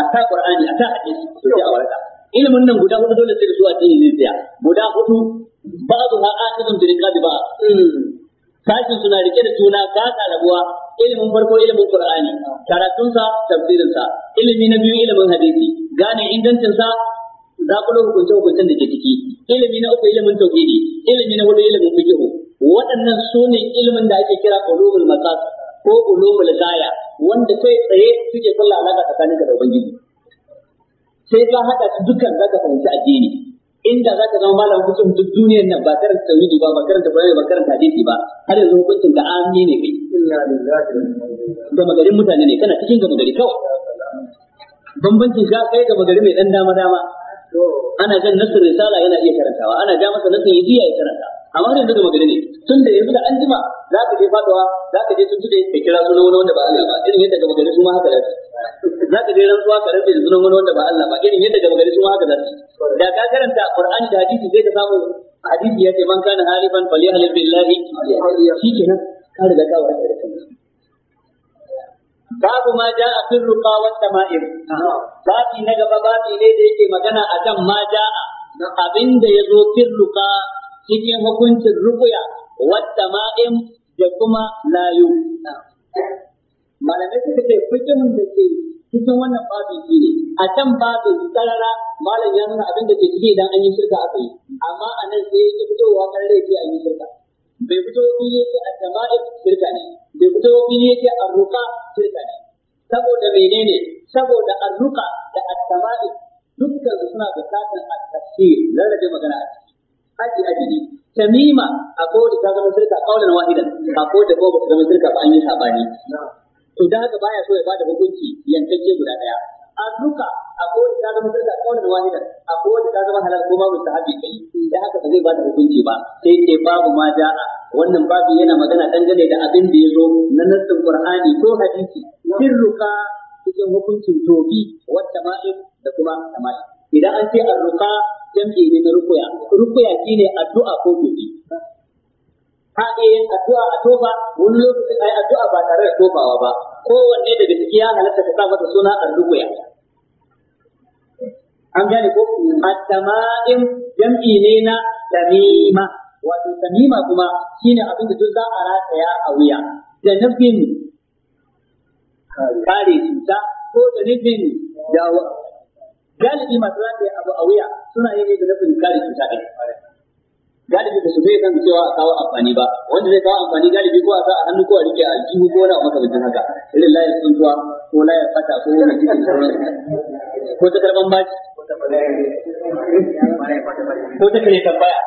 a sa qur'ani a sa hadisi to sai a waraka. ilimin nan guda hudu dole sai da su a cikin zuciya guda hudu ba'du ha aqidun bi riqabi ba sashin suna rike da suna ga talabuwa ilimin farko ilimin qur'ani karatunsa tafsirinsa ilimi na biyu ilimin hadisi gane za ku zakulo hukunce hukuncen da ke ciki ilimi na uku ilimin tauhidi ilimi na hudu ilimin fikihu waɗannan su ne ilimin da ake kira ulumul masas ko ulumul gaya wanda kai tsaye suke kulla alaka ka da ubangiji sai ka haɗa su dukkan zaka fahimci addini inda zaka zama malamin hukuncin duk duniyar nan ba karanta tauhidi ba ba karanta bayani ba karanta hadisi ba har yanzu hukuncin ka amini ne kai gama garin mutane ne kana cikin gama gari kawai bambancin ja kai ga bagari mai dan dama dama ana jan nasir risala yana iya karantawa ana ja masa nasir ya ya karanta amma yanzu daga magana ne tun da yanzu da an jima za ka je fadawa za ka je tun tude ka kira sunan wani wanda ba Allah ba irin yadda daga gari su ma haka zai za ka je rantsuwa ka rantsa da sunan wani wanda ba Allah ba irin yadda daga gari su ma haka zai da ka karanta Qur'ani da hadisi sai ka samu hadisi ya ce man kana halifan falyahlil billahi shi kenan ka riga ka warkar da kanka babu ma a sun ruqa wata ma'ir. babi na gaba babi ne da yake magana a kan ma da ya zo sun ruqa cikin hukuncin ruqya wata tama'im da kuma layu malamai suka ce fikimin da ke cikin wannan babi shi ne a can babin sarara malam ya nuna abin da ke ciki idan an yi shirka a kai, amma a nan sai ya fitowa kan sai an yi shirka bai fito fili yake a jama'a shirka ne bai fito fili yake ruka shirka ne saboda menene saboda ruka da a jama'a dukkan su suna bukatan a tafsir rarrabe magana a ciki aji ajini tamima a kowace ta zama shirka kaulan wahidan a kowace da ba ta zama shirka ba an yi sabani to da haka baya so ya bada hukunci yankacce guda daya duka akwai kowace ta zama sadaka kawai da wahida akwai kowace ta zama halal ko babu sahabi kai da haka ba zai ba da hukunci ba sai ce babu ma da'a wannan babu yana magana dangane da abin da ya zo na nassin qur'ani ko hadisi sirruka cikin hukuncin tobi wata ma'in da kuma tamai idan an ce arruka jam'i ne na rukuya rukuya shine addu'a ko tobi ha yin addu'a a toba wani lokacin ai addu'a ba tare da tobawa ba kowanne daga ciki ya halatta ka sa masa suna al-ruqya an gane ko matama'in jam'i ne na tamima wato tamima kuma shine abin da duk za a rataya a wuya da nufin kare cuta ko da nufin dawa. galibi masu rataya abu a wuya suna yi ne da nufin kare cuta ɗin galibi ba su zai san cewa a kawo amfani ba wanda zai kawo amfani galibi ko a sa a hannu ko a rike a jihu ko wani abu makamancin haka irin layar tsuntuwa ko layin fata ko wani cikin sauran ko ta karban baci ko ta kare tambaya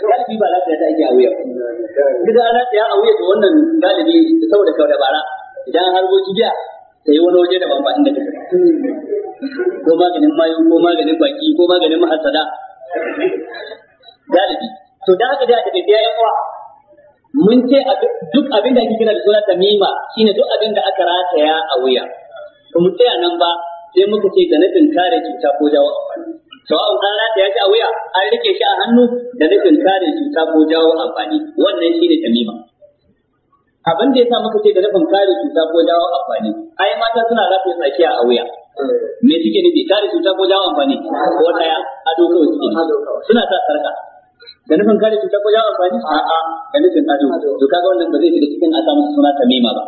galibi ba lafiya ta ake a wuya duk ana tsaya a wuya to wannan galibi saboda kawai bara idan har goji biya ta yi wani waje da ba inda ta ko maganin mayu ko maganin baki ko maganin mahasada galibi to da haka da daga biya yan uwa mun ce duk abin da ake kira da suna tamima shine duk abin da aka rataya a wuya to mu tsaya nan ba sai muka ce da nufin kare cuta ko jawo amfani to an rataya shi a wuya an rike shi a hannu da nufin kare cuta ko jawo amfani wannan shine tamima abin da yasa muka ce da nufin kare cuta ko jawo amfani ai mata suna rafe tsakiya a wuya me suke nufi kare cuta ko jawo amfani ko daya a kawai suke suna sa sarka da nufin kare cuta ko ya amfani a'a da nufin ado to kaga wannan ba zai shiga cikin a samu suna tamima ba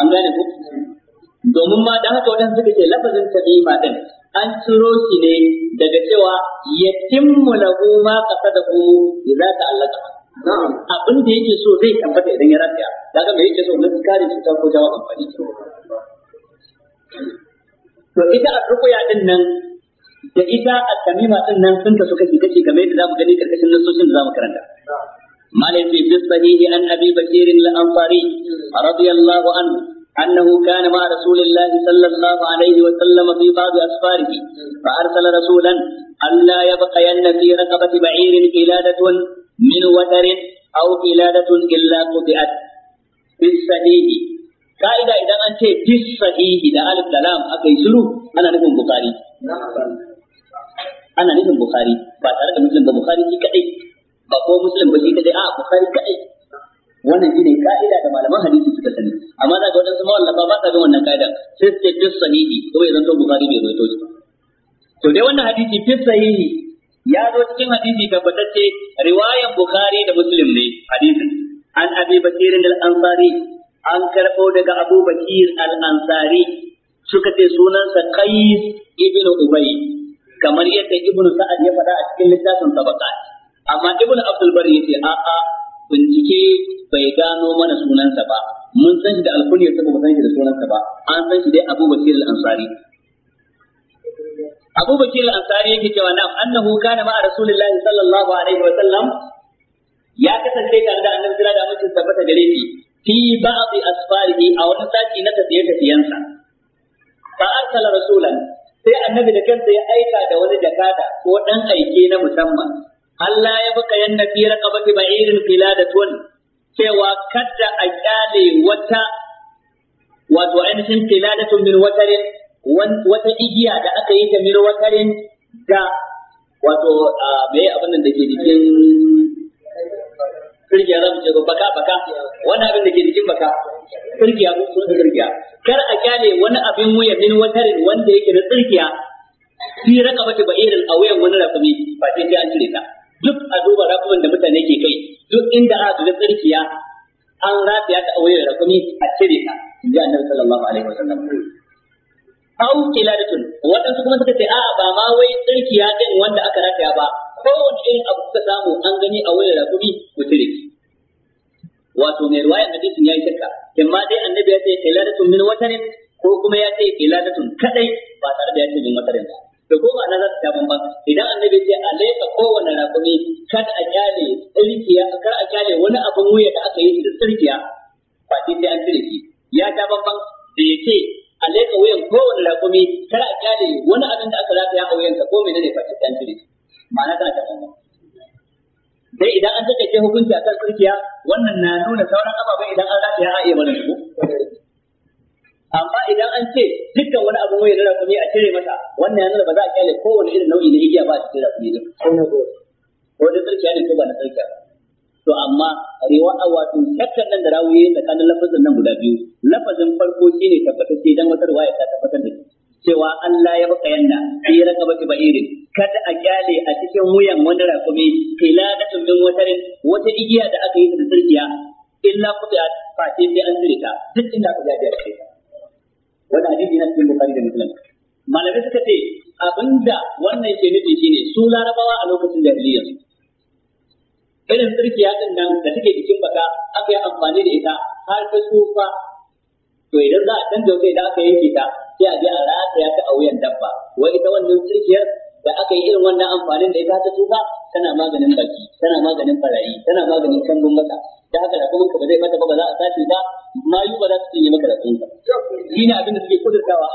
an gane ku domin ma dan haka wajen suka ce lafazin tamima din an ciro shi ne daga cewa yatimmu lahu ma qasadahu idza ta na'am abin da yake so zai tabbata idan ya rafiya daga me yake so na kare cuta ko jawo amfani to ita a rukuya din nan da ita a tamima din nan sun kasu kashi kashi kamar yadda zamu gani karkashin nasoshin da zamu karanta مالك في الصحيح عن ابي بشير الانصاري رضي الله عنه أنه كان مع رسول الله صلى الله عليه وسلم في بعض أسفاره فأرسل رسولا ألا يبقين في رقبة بعير قلادة من وتر أو قلادة إلا قطعت في الصحيح قائدة إذا أنت في الصحيح إذا ألف لام أكي سلو أنا نكون بقاري ana nufin bukhari ba tare da muslim ba bukhari shi kadai ba ko muslim ba shi kadai a bukhari kadai wannan shine ka'ida da malaman hadisi suka sani amma daga wadansu mawallafa ba sa bin wannan ka'ida sai suke fis sahihi kuma ya zanto bukhari bai rawaito shi to dai wannan hadisi fis sahihi ya zo cikin hadisi tabbatacce riwayan bukhari da muslim ne hadisin an abi bakirin al-ansari an karbo daga abu bakir al-ansari suka ce sunansa qais ibn ubay kamar yadda ibnu sa'ad ya faɗa a cikin littafin sabaqat amma ibnu abdul bari yace a a bincike bai gano mana sunansa ba mun san shi da alkunya saboda san shi da sunansa ba an san shi dai Abu Bakir al-Ansari Abu Bakir al-Ansari yake cewa na annahu kana ma'a Rasulullahi sallallahu alaihi wa sallam ya kasance tare da annabi jira da mutum tabbata gare shi fi ba'd asfarihi a wani sati na tafiye tafiyansa fa arsala rasulan sai annabi da kansa ya aika da wani jakada ko dan aike na musamman Allah ya baka yan nabi raqabati ba'irin qiladatun cewa kadda a kyale wata wato ainihin qiladatun min watarin wata igiya da aka yi ta min watarin da wato me abin nan dake jikin kirgiya za mu ce baka baka wannan abin da ke jikin baka tsirkiya ko sunan tsirkiya kar a kyale wani abin wuya min watarin wanda yake na tsirkiya fi raka ba ba'irin a wuyan wani rakumi ba sai dai an cire ta duk a duba rakumin da mutane ke kai duk inda aka ga tsirkiya an rataya ta a wuyan rakumi a cire ta inji annabi sallallahu alaihi wasallam au kiladatun waɗansu kuma suka ce a'a ba ma wai tsirkiya din wanda aka rataya ba kowane irin abu kuka samu an gani a wuyan rakumi ku cire wato mai ya hadisin yayi shakka ma dai annabi ya ce kiladatun min watarin ko kuma ya ce kiladatun kadai ba tare da ya ce min watarin ba da ko ma'ana za ta ta ba idan annabi ya ce a laifa kowane rakumi kada a kyale tsirkiya kar a kyale wani abin wuya da aka yi shi da tsirkiya ba sai sai an cire shi ya ta bamban da ya ce a laifa wuyan kowane rakumi kar a kyale wani abin da aka rataya a wuyanka ko menene ba sai an cire shi ma'ana tana ta bamban dai idan an take hukunci kan tsirkiya wannan na nuna sauran ababai idan an rataya a iya mana su amma idan an ce dukkan wani abu mai na ne a cire masa wannan ya nuna ba za a kyale kowane irin nau'i na igiya ba a cikin rakumi ne ko da tsirkiya ne ko ba na tsirkiya to amma rewa a wato shakkan nan da rawuye tsakanin lafazin nan guda biyu lafazin farko shine tabbatacce idan wata riwaya ta tabbatar da shi cewa Allah ya baka yanna fi baki ba'irin kada a kyale a cikin wuyan wani rakumi qiladatun min watarin wata igiya da aka yi da sirkiya illa a fati sai an tsire duk inda ka ga biyar ta wani hadisi na cikin bukari da musulun malamai suka ce abinda wannan ke nufi shine su larabawa a lokacin jahiliyyar irin tsirkiya din nan da take jikin baka aka yi amfani da ita har ta tsufa to idan za a canza wuta da aka yanke ta sai a je a rataya ta a wuyan dabba wai ita wannan cikiyar da aka yi irin wannan amfanin da ita ta tuka tana maganin baki tana maganin barayi tana maganin kambun mata da haka da kuma ba zai mata ba ba za a sace ta mayu ba za su yi maka da ka shi ne abin da suke kudurtawa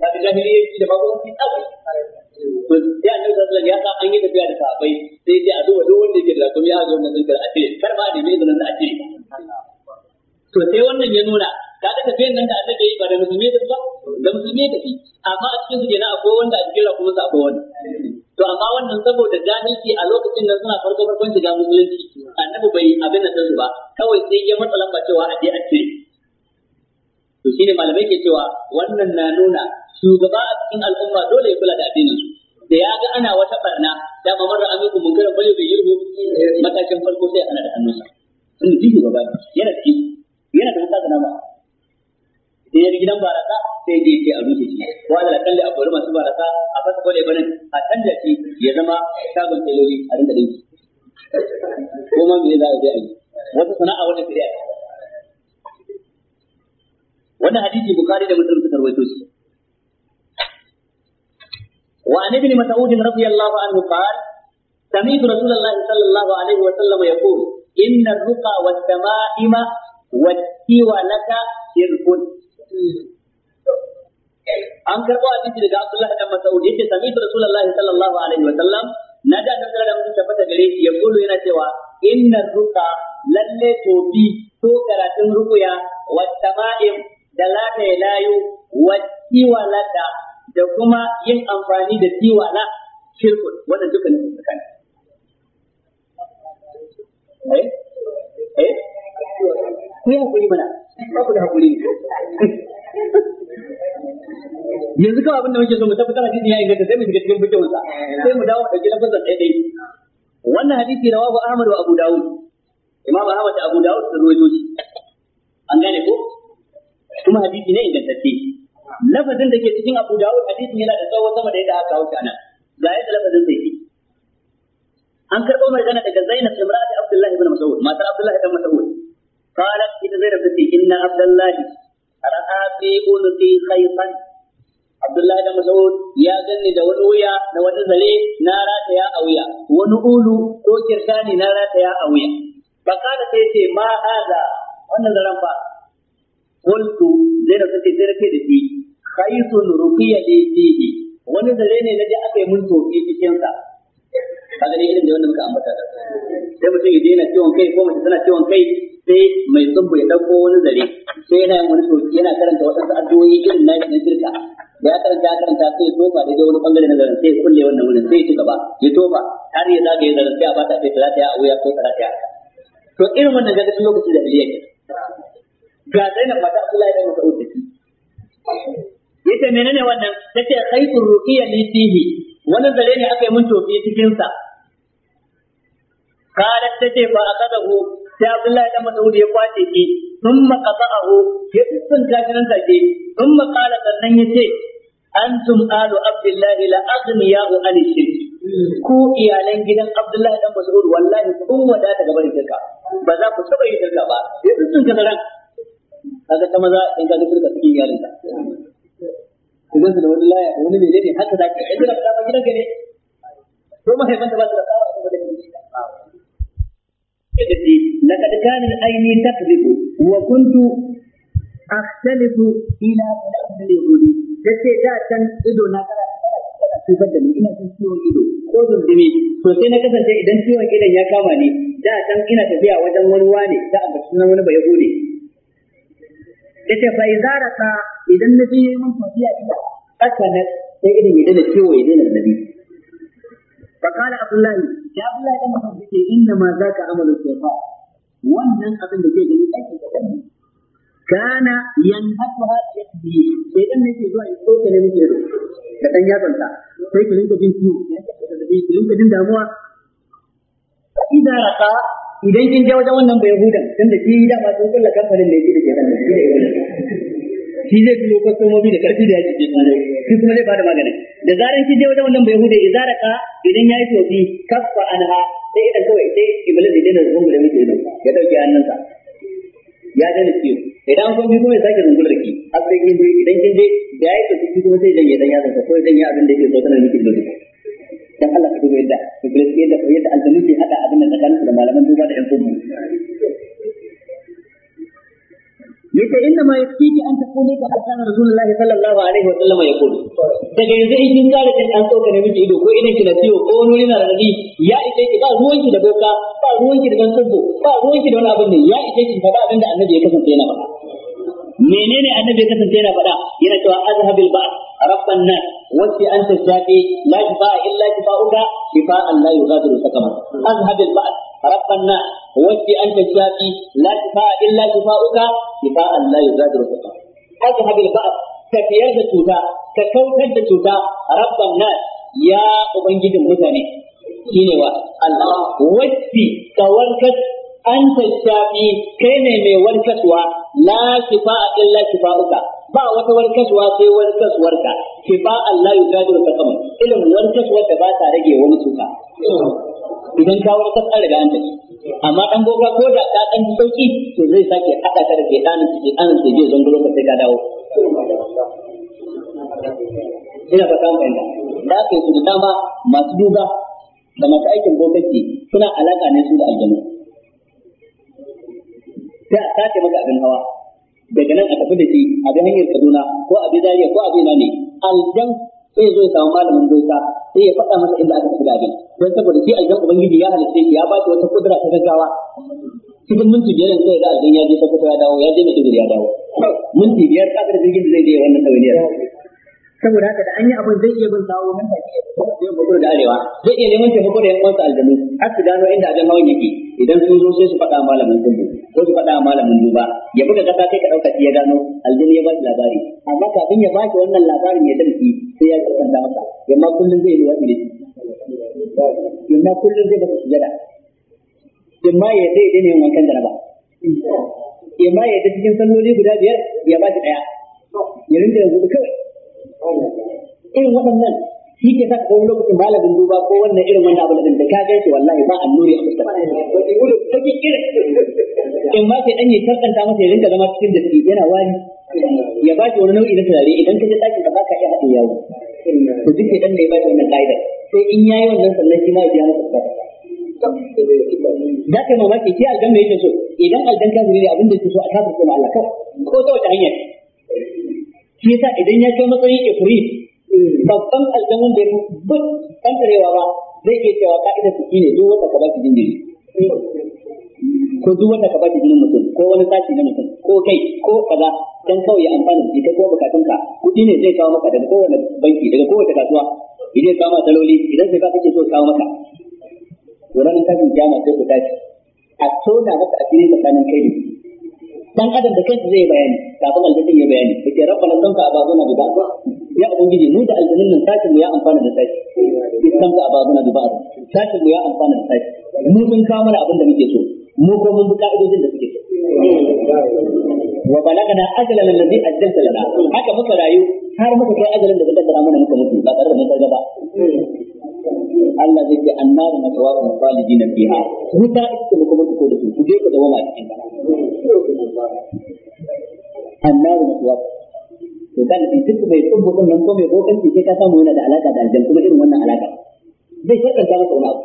ta da jahiliyyar da babu wani tsabai to sai annabi sallallahu alaihi ya sa an yi tafiya da sabai sai ya ce a wa duk wanda yake da kuma ya zo wannan zulkar a ce kar ba da mai izinin to sai wannan ya nuna ka kaga tafiyan nan da annabi yi ba da musulmi da ba da musulmi da shi amma a cikin su kenan akwai wanda a cikin rakumin sa akwai wani to amma wannan saboda jahilci a lokacin da suna farko farkon shiga musulunci annabi bai abin da ba kawai sai ya matsa lamba cewa a je a cire to shine malamai ke cewa wannan na nuna shugaba رضي الله عنه قال سمعت رسول الله صلى da da da mun ya kullu yana cewa inna ruka lalle tobi to karatun da ya kuma yin amfani da shirkun wannan duka ne shirka ne eh eh ku hakuri mana ba ku da hakuri yanzu kawai abin da muke so mu tabbatar hadisi ya inganta sai mu shiga cikin bikin sa sai mu dawo dauki lafazin ɗaya ɗaya wannan hadisi rawahu Ahmad wa Abu Dawud Imam Ahmad da Abu Dawud da ruwaito shi an gane ko kuma hadisi ne ingantacce lafazin da ke cikin Abu Dawud hadisin yana da tsawo sama da yadda aka kawo shi ga yadda lafazin zai yi an karɓo magana daga Zainab imra'at abdullahi ibn Mas'ud matar abdullahi ibn Mas'ud qalat ita Zainab tace inna Abdullahi, ra'a fi ulqi khaytan abdullahi ibn Mas'ud ya ganni da wani wuya da wani zare na rata a wuya wani ulu ko kirkani na ya a wuya fa kana sai ce ma hada wannan zai ba qultu Zainab tace sai da shi khaytun ruqiya da shi wani zare ne na je aka yi mun tofi cikin sa kaga gani irin da wanda muka ambata da sai mutum ya daina ciwon kai ko mace tana ciwon kai sai mai tsumbu ya dauko wani zare sai yana yin wani tofi yana karanta wasu addu'o'i irin na na jirka da ya karanta ya karanta sai ya tofa daidai wani bangare na zaren sai ya kulle wannan wurin sai ya ci gaba ya tofa har ya ya zaren sai a bata sai ta ya a wuya ko talata ya to irin wannan gaga sun lokacin da Iliya ga Zainab mata Abdullahi da Mas'ud take yace menene wannan tace khaytur ruqiya li fihi wani zare ne aka yi mun tofi cikin sa kala tace fa akadahu sai Abdullahi dan Mas'ud ya kwace ki thumma qata'ahu ya tsin kashi nan ke thumma qala sannan yace antum alu Abdullahi la aghniya'u Ali shirk ku iyalan gidan Abdullahi dan Mas'ud wallahi kun ta gaban shirka ba za ku taba yi shirka ba sai tsun kashi nan kaga ta maza in kaga shirka cikin iyalinta ku gan su da wani laya wani wani menene haka za ka da ta gidan ka ne ko mahaifanta ba su da tsawa ita eh, ba da gidan تدري لقد كان عيني تكذب وكنت أختلف إلى بلاد اليهود تسي دا كان إدو ناكرا da ni ina cin ciwon ido ko zunzumi to sai na kasance idan ciwon idon ya kama ni da can ina tafiya wajen wani wane da a sunan wani ba yace fa idza raka idan nabi yayi mun tafiya ila akana sai idan ya dana cewa ya dana nabi fa kana abdullahi ya abdullahi dan mutum yake inna ma zaka amalu shaytan wannan abin da ke gani aikin da kan kana yanhatuha yakbi sai dan yake zuwa ya soke ne miki da da dan yatsanta sai ki rinka jin ciwo kin rinka jin damuwa idza raka idan kin je wajen wannan bai hudan dan da shi da ba sun kulla kamfanin ne shi da ke kanne shi da shi zai fi kwastomomi da karfi da yake jin malai shi kuma zai bada magana da zaran kin je wajen wannan bai hudan izara ka idan yayi tofi kaffa anha sai idan kawai sai iblis idan da zungu da muke da ya dauke hannunsa ya ne ciwo idan kun bi kuma ya sake zungular ki har sai kin je idan kin je da yayi tofi kuma sai dan ya dan ya zanka ko dan ya abin da yake so tana miki ido dan Allah ka duba yadda iblis yadda yadda aljanu ke hada abin da tsakanin da malaman duba da yan yadda yace inna ma yakfiki an taquli ka kana rasulullahi sallallahu alaihi wa sallam ya kudu daga yanzu in kin kare kin an tsoka ne miki ido ko idan kina ciwo ko wani na radadi ya ita ki ba ruwanki da boka ba ruwanki da dan sabbo ba ruwanki da wani abin ne ya ita ki faɗa abin da annabi ya kasance yana faɗa menene annabi kasance yana faɗa yana cewa azhabil ba'd rabban nas wacce an tafi la shifa illa shifa'uka shifa'an la yughadiru sakaman azhabil ba'd rabban nas wacce an tafi la shifa illa shifa'uka shifa'an la yughadiru sakaman azhabil ba'd tafiyar da cuta ka kautar da cuta rabban nas ya ubangijin mutane shine wa Allah wacce ka warkar anta shafi kai ne mai warkaswa la shifa illa uka, ba wata warkaswa sai warkaswarka shifa Allah ya gadi wa kamar ilin warkaswar da ba ta rage wani cuta idan ka warkas an riga an tafi amma dan goga ko da ka dan sauki to zai sake hada ka da shedanin su shedanin su je zan ka sai ka dawo ina ba kan fahimta da aka yi su da dama masu duba da masu aikin bokaci suna alaka ne su da aljanu sai a sace masa abin hawa daga nan a tafi da shi a bi hanyar Kaduna ko a bi zariya ko a bi ina ne aljan sai ya zo ya samu malamin doka sai ya faɗa masa inda aka tafi da abin don saboda shi aljan ubangiji ya halitta ya ba shi wata kudura ta gaggawa cikin minti biyar sai da aljan ya je kusa ya dawo ya je Maiduguri ya dawo minti biyar kafin jirgin da zai je wannan tawainiyar saboda haka da an yi abin zai iya bin sawo nan take zai mutu da arewa zai iya neman taimako da yan uwansa aljanu har su gano inda abin hawan yake idan sun zo sai su faɗa malamin sun ko su faɗa malamin duba ya buga kasa kai ka ɗauka shi ya gano aljini ya ba shi labari amma kafin ya ba shi wannan labarin ya darki sai ya kasanta masa yamma kullum zai yi wani da shi yamma kullum zai baka sujada yamma ya zai daina yin wankan jaraba yamma ya ta cikin salloli guda biyar ya ba shi ɗaya ya ya gudu kawai irin waɗannan shi ke saka ɗan lokacin malamin duba ko wannan irin wanda abu da ka gan shi wallahi ba annuri a fuskar kake kira in ma sai danyi ya masa ya rinka zama cikin datti yana wani ya ba shi wani nau'i na turare idan ka je ɗakin ka ba ka iya haɗe yawo to duk dan ne ya ba shi wannan ƙa'idar sai in yayi wannan sannan shi ma ya biya masa bukata za ka yi mamaki ke aljan mai yake so idan aljan kafiri ne abin da yake so a kafin kuma Allah ko ta wata hanya ki? shi yasa idan ya kai matsayin ifrit babban aljanun da duk kantarewa ba zai iya cewa ka'idar su ne duk wanda ka ba shi jinjiri ko duk wanda ka ba shi jinin mutum ko wani sashi na mutum ko kai ko kaza dan kawai ya amfana da shi kai ko bukatunka kuɗi ne zai kawo maka daga kowane banki daga kowace kasuwa idan kawo maka daloli idan sai ka kake so kawo maka to ranar tashin sai ku tashi a tona maka asiri tsakanin kai da shi dan adam da kansa zai bayani kafin aljannin ya bayani yace ka samta abazuna bi ba ya ubangiji mu da aljannin nan sashin mu ya amfana da sashi samta na bi ba, sashin mu ya amfana da sashi mu sun kawo mana abin da muke so mu ko mun bi ka'idojin da suke so wa balagana ajalan alladhi ajjalta lana haka muka rayu har muka kai ajalin da ka kaddara mana muka mutu ba tare da mun ba Allah zai ce annaru matawaqu khalidina fiha wuta ita ne kuma ku da su ku je ku zama a cikin annaru matawaqu to dan bi duk mai tsubbu nan ko mai bokanci sai ka samu yana da alaka da aljanna kuma irin wannan alaka zai shakanta masa wani abu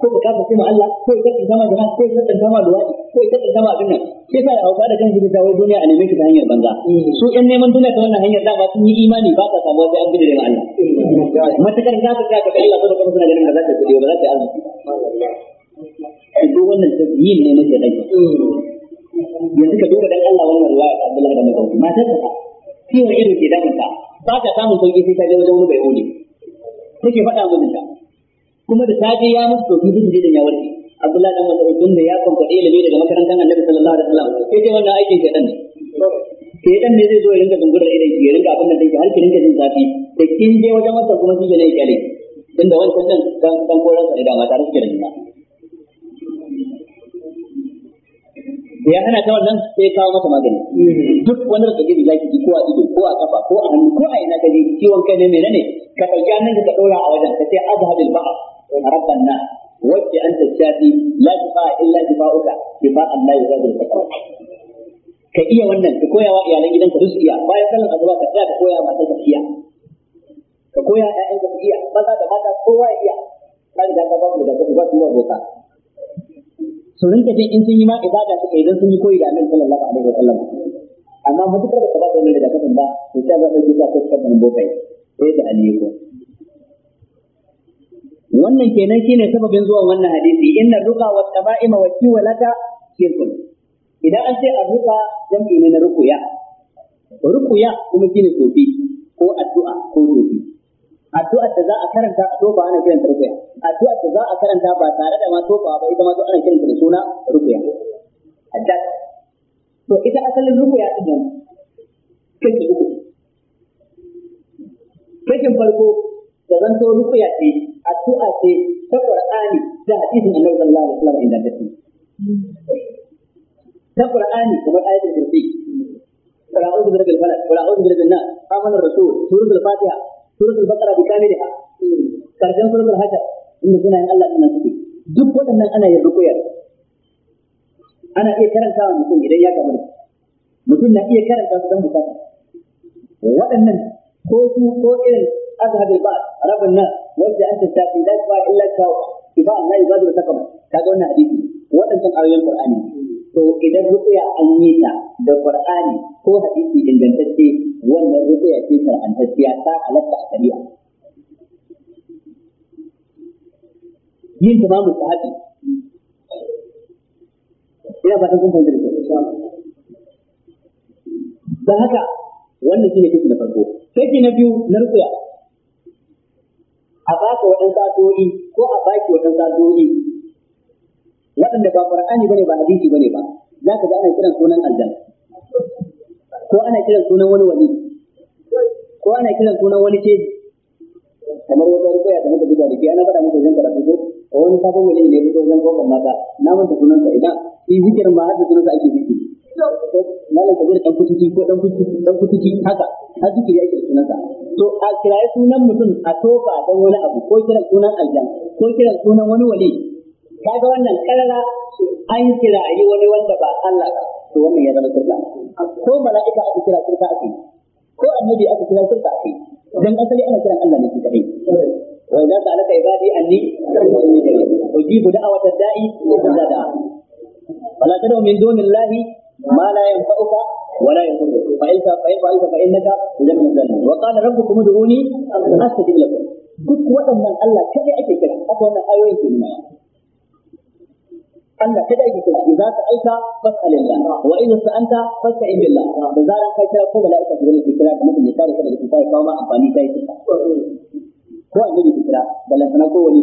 ko ka kafa kuma Allah ko ka kafa sama jama'a ko ka kafa sama duwa ko ka kafa sama abin nan sai sai auka da kan gidda wai duniya a neman shi ta hanyar banza mm. su in neman duniya ta wannan hanyar da ba sun yi imani ba ka samu sai an gidda da Allah mm. matakar za ka kafa Allah ko da kuma suna ganin da za ka kudi ba za ka yi arziki mm. duk wannan yin ne mace dai yanzu ka duba dan Allah wannan ruwaya ta Abdullahi da Mutawfi matar ta ciwon ido ke damunta ba ta samun sauki sai ta je wajen wani bai hode take faɗa mijinta kuma da safe ya mutu to bibi da ya warke Abdullahi dan Mas'ud din da ya kwankwade ilimi daga makarantar Annabi sallallahu alaihi wasallam sai dai wannan aikin shedan ne shedan ne zai zo ya rinka dungurar idan ki rinka abin da take har ki rinka jin zafi da kin je wajen masa kuma shi ne kyale tunda wancan din dan dan koran sa da mata suke da juna ya hana ta wannan sai kawo masa magani duk wanda da kaje zaki ji ko a ido ko a kafa ko a hannu ko a ina kaje ciwon kai ne menene ka dauki hannun ka ka dora a wajen ka sai azhabil ba'a rabbanna wacce an tashafi la shifa illa shifa'uka shifa'an la yuzadu sakara ka iya wannan ka koya wa iyalan gidanka su iya bayan sallan asuba ka tsaya ka koya wa matarka ka koya ƴaƴanka su maza da mata kowa ya iya ka riga ka ba su da ka ba su boka su rinka jin in sun yi ma ibada suka yi don sun yi koyi da annabi amma ba ba kai wannan kenan shine sababin zuwa wannan hadisi inna ruqa wa tabaima wa tiwalata shirkun idan an ce arruqa jam'i ne na ruqya ruqya kuma shine tofi ko addu'a ko tofi addu'a da za a karanta a tofa ana kiranta ruqya addu'a da za a karanta ba tare da ma tofa ba ita ma to ana kiranta da suna ruqya addu'a to ita asalin ruqya din nan kake uku kake farko da zanto rukuya ce addu'a ce ta qur'ani da hadisin annabi sallallahu alaihi wasallam inda take ta qur'ani kamar ayatul kursi قل اعوذ برب الفلق قل اعوذ برب الناس امن الرسول fatiha, الفاتحه سوره البقره بكاملها كرجان سوره الحجر inna كنا ان Allah كنا سكي duk waɗannan ana yin rukuyar ana iya karanta wa mutum idan ya kamar mutum na iya karanta su don bukata waɗannan ko su ko irin اذهب البعض رب الناس وانت انت الساقي لا يشفع الا شفاء شفاء لا يغادر سقما كذا wannan hadisi wadannan ayoyin qur'ani to idan ruqya an yi ta da qur'ani ko hadisi ingantacce wannan ruqya ce shar'antacciya ta halatta a shari'a yin ta ma mustahabi ina fatan kun fahimta da haka wannan shine kashi na farko kashi na biyu na ruqya a baka waɗansu addu'o'i ko a baki waɗansu addu'o'i waɗanda ba qur'ani bane ba hadisi bane ba za ka ga ana kiran sunan aljan ko ana kiran sunan wani wali ko ana kiran sunan wani ce kamar wata rukuya da muka duba da ke ana faɗa muku wajen karatu ko ko wani sabon wali ne ya wajen kofar mata na manta sunansa idan shi zikirin ba har da sunansa ake ziki malam kabir dan kutuki ko dan kutuki dan kutuki haka har zikiri ake sunansa to a kiraye sunan mutum a tofa don wani abu ko kiran sunan aljan ko kiran sunan wani wali kaga wannan karara an kirayi wani wanda ba Allah ba to wannan ya zama shirka ko mala'ika aka kira shirka ake ko annabi aka kira shirka ake dan asali ana kiran Allah ne shi kadai wa idza alaka ibadi anni ujibu da'wata da'i idza da'a wala tad'u min dunillahi ma la yanfa'uka ولا يضرك فإن فإن فعلت فإنك إذا من وقال ربكم ادعوني أستجب لكم ya kare ka ya ko kira ko wani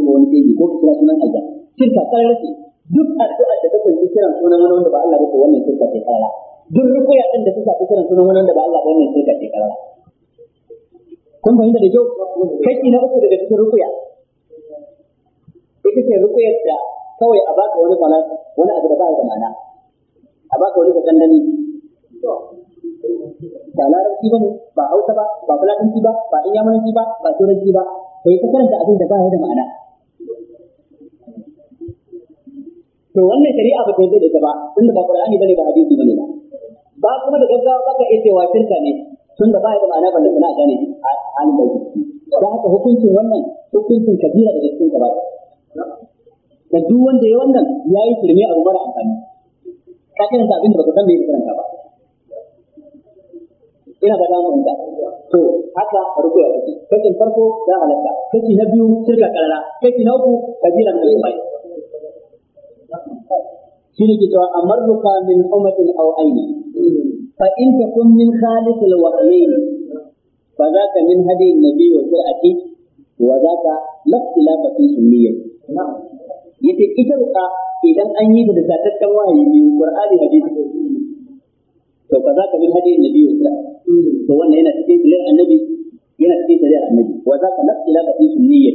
ko wani ko kira sunan aljanna shirka duk addu'a da ta kunshi kiran sunan wani wanda ba Allah ba ko wannan shirka sai duk rukuya ɗin da ta shafi kiran sunan wani da ba Allah ba mai shirka ce karara kun fahimta da kyau kashi na uku daga cikin rukuya ita ce rukuya da kawai a baka wani kwana wani abu da ba da ma'ana a baka wani sakandami ba larabci ba ne ba hausa ba ba fulatanci ba ba ki ba ba turanci ba sai ka karanta abin da ba da ma'ana to wannan shari'a ba ta yi da ita ba tunda ba qur'ani bane ba hadisi bane ba ba kuma da gaggawa baka iya cewa shirka ne tun da ba ya da ma'ana ba da suna gane a halin da yake don haka hukuncin wannan hukuncin kabila da cikin ka da duk wanda ya wannan ya yi firme a mara amfani ka kiranta abin da baka san me ya ba ina ba za mu da to haka ruku ya take kakin farko ya halatta kaki na biyu shirka karara kaki na uku kabila da bai shi ne ke cewa amarruka min umatin aw aini fa in takun min khalis al wahyain fa zaka min hadi nabi wa sirati wa zaka la ikhtilafa fi sunniyya yace ita ruka idan an yi da tatattan wahayi biyu qur'ani hadisi to fa zaka min hadi nabi wa sirati to wannan yana cikin shirin annabi yana cikin shari'ar annabi wa za ka nafsi la fi sunniyya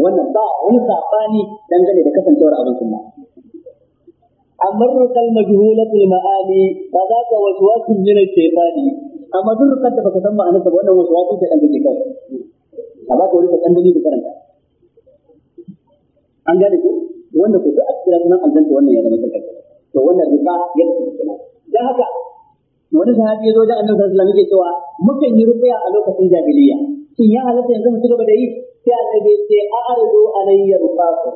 wannan ba wani sabani dangane da kasancewar abin sunna amma rukal majhulatul ma'ani ba za ka waswasun min ash-shaytani amma duk rukal da baka san ma'anar sa wannan waswasun da kake kawai ba baka wani kadan dalili karanta an gane ko wannan ko duk a cikin sunan aljanta wannan ya zama sarkake to wannan ruka ya tafi kenan dan haka wani sahabi ya zo da annabi sallallahu alaihi wasallam yake cewa mukan yi ruqya a lokacin jahiliyya shin ya halatta yanzu mu ci gaba da yi sai annabi ya ce a'ridu alayya ruqaku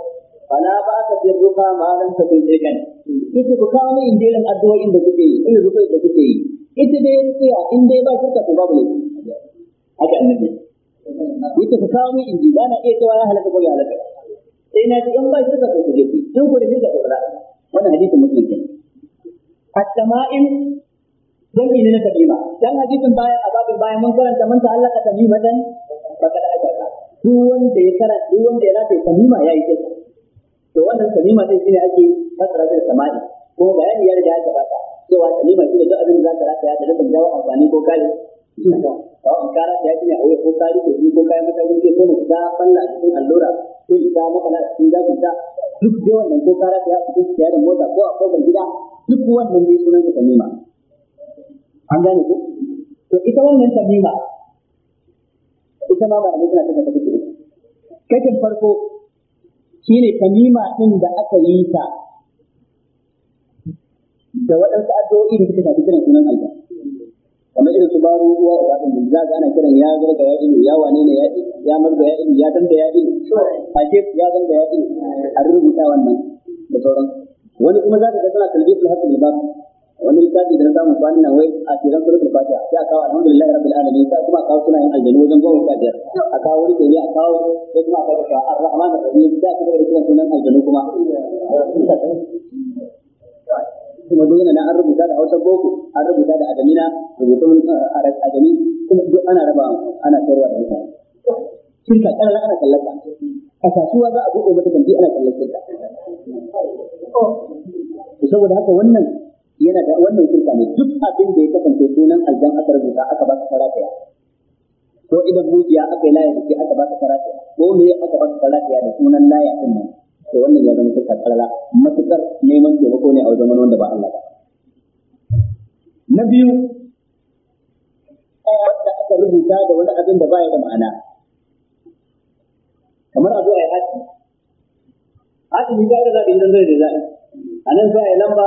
Bana ba ka jirruka ma ta takun jikan kike ku kawo min injilan addu'o'in da kuke yi ina rukai da kuke yi ita dai rukiya in dai ba shirka to babu ne haka annabi kike ku kawo min inji bana iya cewa ya halaka ko ya halaka sai na ji in ba shirka to ku je in ku da shirka to ba wannan hadisi muslim ne at-tama'im dangi ne na kadima dan hadisin baya a baya mun karanta mun ta Allah ka ba baka da ajaka duk wanda ya karanta duk wanda ya rata ma yayi kisa to wannan kalima din shine ake fasara da samani ko bayani ya riga ya gabata cewa kalima shine duk abin da zaka ka ya da kan jawo amfani ko kare to an kara ta shine a ko kare ko ko kai mata ke ko da falla cikin allura ko ita maka na cikin da ta duk dai wannan ko kara ta cikin da mota ko a kofar gida duk wannan dai sunan ka kalima an gane ku. to ita wannan kalima ita ma ba da suna ta take kake farko ne kalima ɗin da aka yi ta da waɗansu addu'o'i da suka shafi kiran sunan Allah kamar irin su baro ruwa a din da za ana kiran ya zarga ya ilu ya wane ne ya ya marga ya ilu ya danda ya ilu ke ya danda ya ilu a rubuta wannan da sauran wani kuma za ka ga suna talbisul haqqi ba wani littafi da na samu kwanan nan wai a tiran suratul fatiha sai a kawo alhamdulillahi rabbil alamin sai kuma a kawo yin aljanu wajen goma sha biyar a kawo wani kemi a kawo sai kuma a kawo ka arrahman arrahim sai a ci gaba da kiran sunan aljanu kuma kuma duk yana an rubuta da Hausa boko an rubuta da adamina rubutun uh, adami kuma duk ana rabawa ana sayarwa da mutane shirka karara ana kallata a kasuwa za a buɗe mata kanti ana kallata saboda haka wannan yana da wannan shirka ne duk abin da ya kasance sunan aljan aka rubuta aka ba ka ya ko idan mujiya aka yi laya da ke aka ba ka karataya ko me aka ba ka karataya da sunan laya din nan to wannan ya zama shirka karara matukar neman taimako ne a wajen wani wanda ba Allah ba na biyu wanda aka rubuta da wani abin da baya da ma'ana kamar a zo a yi hatimi hatimi ga da za ka yi zai da za'i a nan sai a yi lamba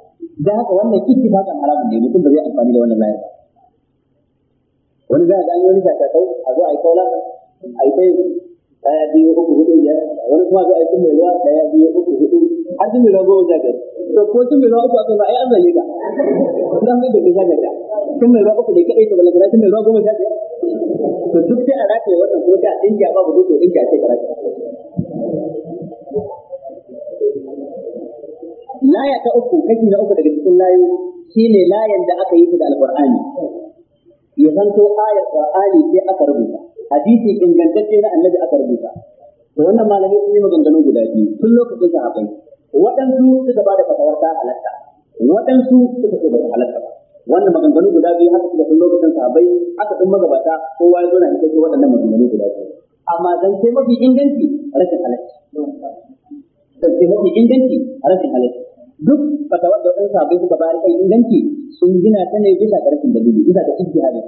da haka wannan ittifaqan haramun ne mutum ba zai amfani da wannan layar ba wani za a ga an yi wani a zo a yi kaula a yi tsaye ya biyo uku hudu biyar wani kuma zo a yi tun mai ruwa ya biyo uku hudu har tun mai ruwa goma sha biyar to ko tun mai ruwa uku aka zo ai an zage ka dan mai da ke sha biyar tun mai ruwa uku ne kadai to balantana tun mai ruwa goma sha biyar to duk sai a rataye wannan ko sai a dinki a babu duk dinki a sai karatu laya ta uku kashi na uku daga cikin layu shine layan da aka yi ta da alqur'ani ya zanto ayar qur'ani sai aka rubuta hadisi ingantacce na annabi aka rubuta to wannan malamai sun yi maganganu guda biyu tun lokacin sahabbai waɗansu suka ba da fatawar ta halatta waɗansu suka ce ba ta halatta ba wannan maganganu guda biyu haka suka tun lokacin sahabbai haka sun magabata kowa ya zo na ita waɗannan maganganu guda biyu amma zan sai mafi inganci rashin halatta zan sai mafi inganci rashin halatta duk fata wadda wadda sabai suka bayar kai inganci sun gina ta ne bisa karfin dalili bisa da ijtihadi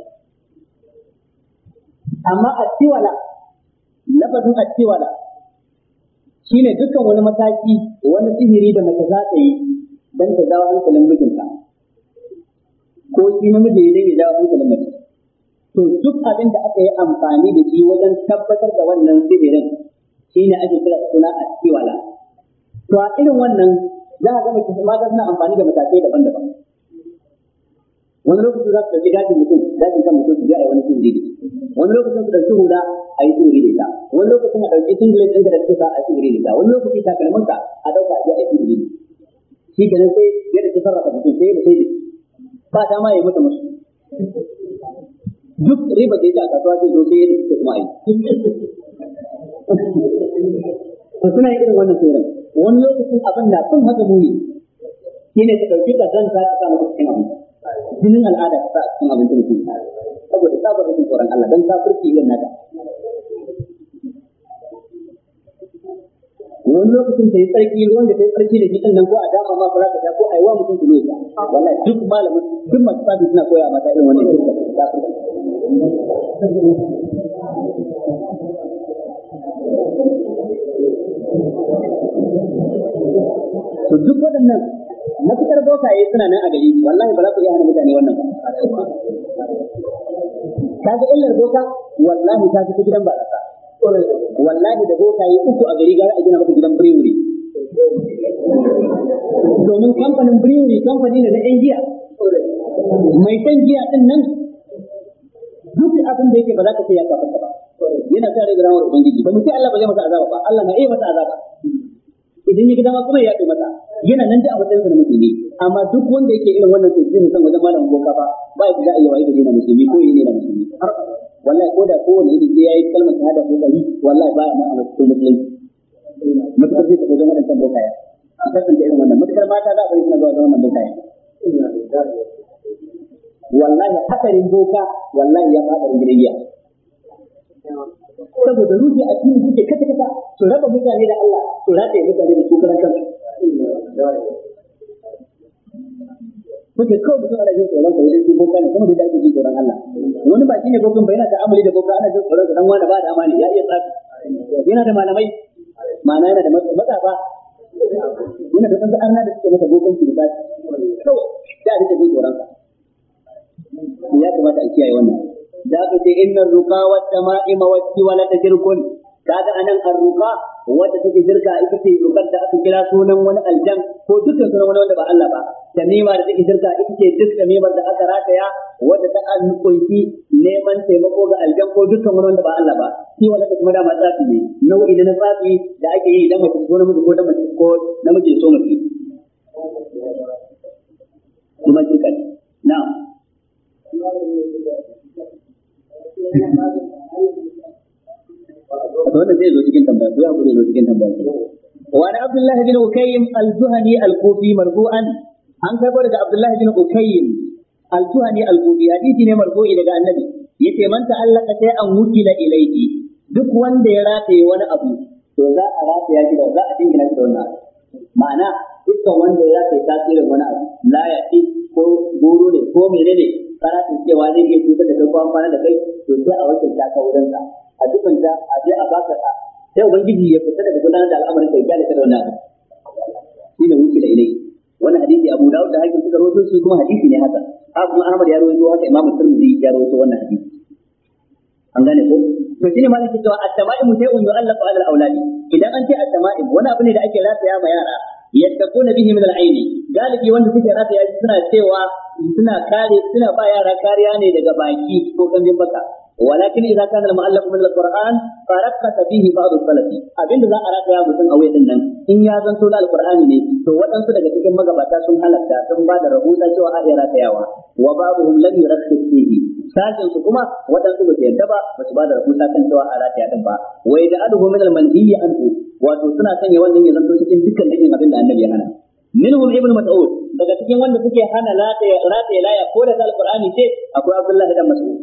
amma attiwala lafazin attiwala shine dukkan wani mataki wani sihiri da mace za ta yi dan ta dawo hankalin mijinta ko shi namiji ne ya dawo hankalin mace to duk abin da aka yi amfani da shi wajen tabbatar da wannan sihirin shine ake kira suna attiwala to a irin wannan za a ga mace mata suna amfani da matakai daban-daban wani lokacin za su ɗauki gashin mutum gashin kan mutum su je wani sirri da wani lokacin su ɗauki hula a yi sirri da ita wani lokacin a ɗauki singlet ɗin da suka a sirri da ita wani lokacin takalmanka a ɗauka a je a yi sirri da shi kenan sai yadda ta sarrafa mutum sai da sai da ba ta ma ya mata musu duk riba da ya a kasuwa zai zo sai ya da kuma yi *laughs* to suna yin irin wannan sirrin wani lokacin abin na sun haka muni shine ka dauki ka zanta ka sa mata cikin abinci jinin al'ada ka sa a cikin abincin mutum saboda sabar rashin tsoron Allah don ta kafirci irin naka wani lokacin ta yi tsarki ruwan da ta yi tsarki da shi ɗin nan ko a dama ma fara ka sha ko a yi wa mutum ku ya wallahi duk malamin duk masu sabi suna koya mata irin wannan shirka da kafirci to duk waɗannan matukar bokaye suna nan a gari wallahi ba za ku iya hana mutane wannan ba ga illar boka wallahi ta fi gidan barasa wallahi da bokaye uku a gari gara a gina maka gidan brewery domin kamfanin brewery kamfani ne na yan giya mai san giya din nan duk abin da yake ba za ka sai ya kafa ba yana sa rai da rawar ubangiji ba mu Allah ba zai masa azaba ba Allah na iya masa azaba idan ya ga kuma ya yaɗe masa yana nan da a matsayin na musulmi amma duk wanda yake irin wannan sai zai san wajen malamin boka ba ba ya da ayi wai da na musulmi ko yana musulmi har wallahi ko da kowane irin sai yayi kalmar shahada ko dari wallahi ba ya nan a matsayin musulmi matakar zai tafi wajen waɗancan bokaya a kasan da irin wannan matakar mata za a bari suna zuwa wajen wannan bokaya wallahi hakarin boka wallahi ya faɗa gidan giya saboda ruhi a cikin suke kasa-kasa, su raba mutane da Allah su rataye mutane da su karan kansu ke kawai mutum ana jin tsoron sa wajen jin boka kuma da ake jin tsoron Allah wani baki ne bokan bai yana amuri da boka ana jin tsoron sa dan wani ba da amani ya iya tsafi yana da malamai ma'ana yana da matsafa yana da tsantsan arna da suke masa bokan su da ba kawai da ake jin tsoron sa ya kamata a kiyaye wannan da aka ce ruka ruqa wat tama'ima wat wala ta jirkun kaga anan ruka wadda take shirka ita ce ruqar da aka kira sunan wani aljan ko dukkan sunan wani wanda ba Allah ba tamima da take shirka ita ce duk tamimar da aka rataya wanda ta an kunshi neman taimako ga aljan ko dukkan wani wanda ba Allah ba shi wala kuma da matsafi ne nau'i na tsafi da ake yi da mutum ko namiji ko da mutum ko namiji so mace kuma shirka na'am wannan zai zo cikin tambaya ko ya hakuri zo cikin tambaya wa na abdullah bin ukayyim al-juhani al-kufi marfu'an an karbo daga abdullah bin ukayyim al-juhani al-kufi hadisi ne marfu'i daga annabi yace man ta'allaka sai an wukila ilayhi duk wanda ya rataye wani abu to za a rataya shi da za a dinga shi da wannan ma'ana dukkan wanda ya rataye tasirin wani abu la ya ko goro ne ko menene kana cewa zai iya cutar da kai ko amfana da kai to sai a wakilta ka wurin ka, a dukkan da a je a baka sa sai ubangiji ya fita daga gudanar da al'amarin kai ya da wannan shi ne wuce da ilai wannan hadisi Abu Dawud da Hakim suka rawaito shi kuma hadisi ne haka haka kuma Ahmad ya rawaito haka Imam Tirmidhi ya rawaito wannan hadisi an gane ko to ne malaki cewa at-tama'im shay'un yu'allaqu 'ala al-awladi idan an ce at-tama'im wani abu ne da ake rataya ma yara yattaquna bihi min al galibi wanda suke rasa yaji suna cewa suna kare suna ba yara kariya ne daga baki ko kanjin baka walakin idza kana al-mu'allaq min al-qur'an bihi ba'd al-salafi abinda za a rata ya mutum a wayin nan in ya zan da al-qur'ani ne to waɗansu daga cikin magabata sun halatta sun ba da rahusa cewa a iya ratayawa wa ba'dhum lam yurakhis fihi sashin su kuma waɗansu ba su yarda ba ba su ba da rahusa kan cewa a rataya din ba wa yad'aluhu min al-manhiyyi anhu wato suna sanya wannan ya zanto cikin dukkan dukkan abin da annabi ya hana minhum ibn mas'ud daga cikin wanda suke hana rataya rataya laya ko da alqur'ani ce akwai abdullah ibn mas'ud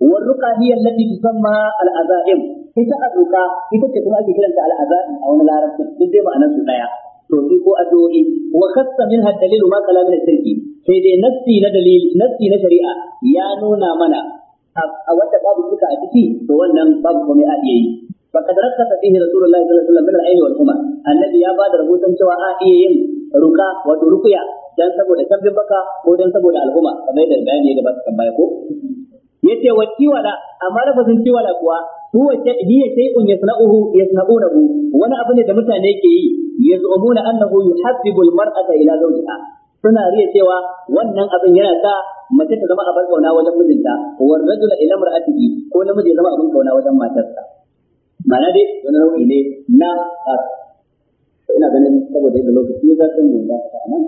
wal ruqa hiya allati tusamma al azaim ita azuka ita ce kuma ake kiranta al azaim a wani larabci duk dai ma'anar su daya to sai ko addu'o'i wa khassa minha dalilu ma kala min shirki sai dai nassi na dalil nassi na shari'a ya nuna mana a wanda babu duka a ciki to wannan babu komai a iya yi faqad rakkata fihi rasulullahi sallallahu alaihi wasallam min al-ayni wal huma annabi ya bada rahoton cewa a iya yin ruka wato rukuya dan saboda kambin baka ko dan saboda al'umma kamar da bayani da ba kan baya ko yace wa tiwala amma lafazin tiwala kuwa huwa hiya shay'un yasna'uhu yasna'unahu wani abu ne da mutane ke yi yaz'umuna annahu yuhabbibul mar'ata ila zawjiha suna riya cewa wannan abin yana sa mace ta zama abar kauna wajen mijinta wa rajula ila mar'atihi ko namiji ya zama abin kauna wajen matarsa ma'ana dai wani nau'i ne na ƙasa ina ganin saboda yadda lokaci ya zafi mai da ta nan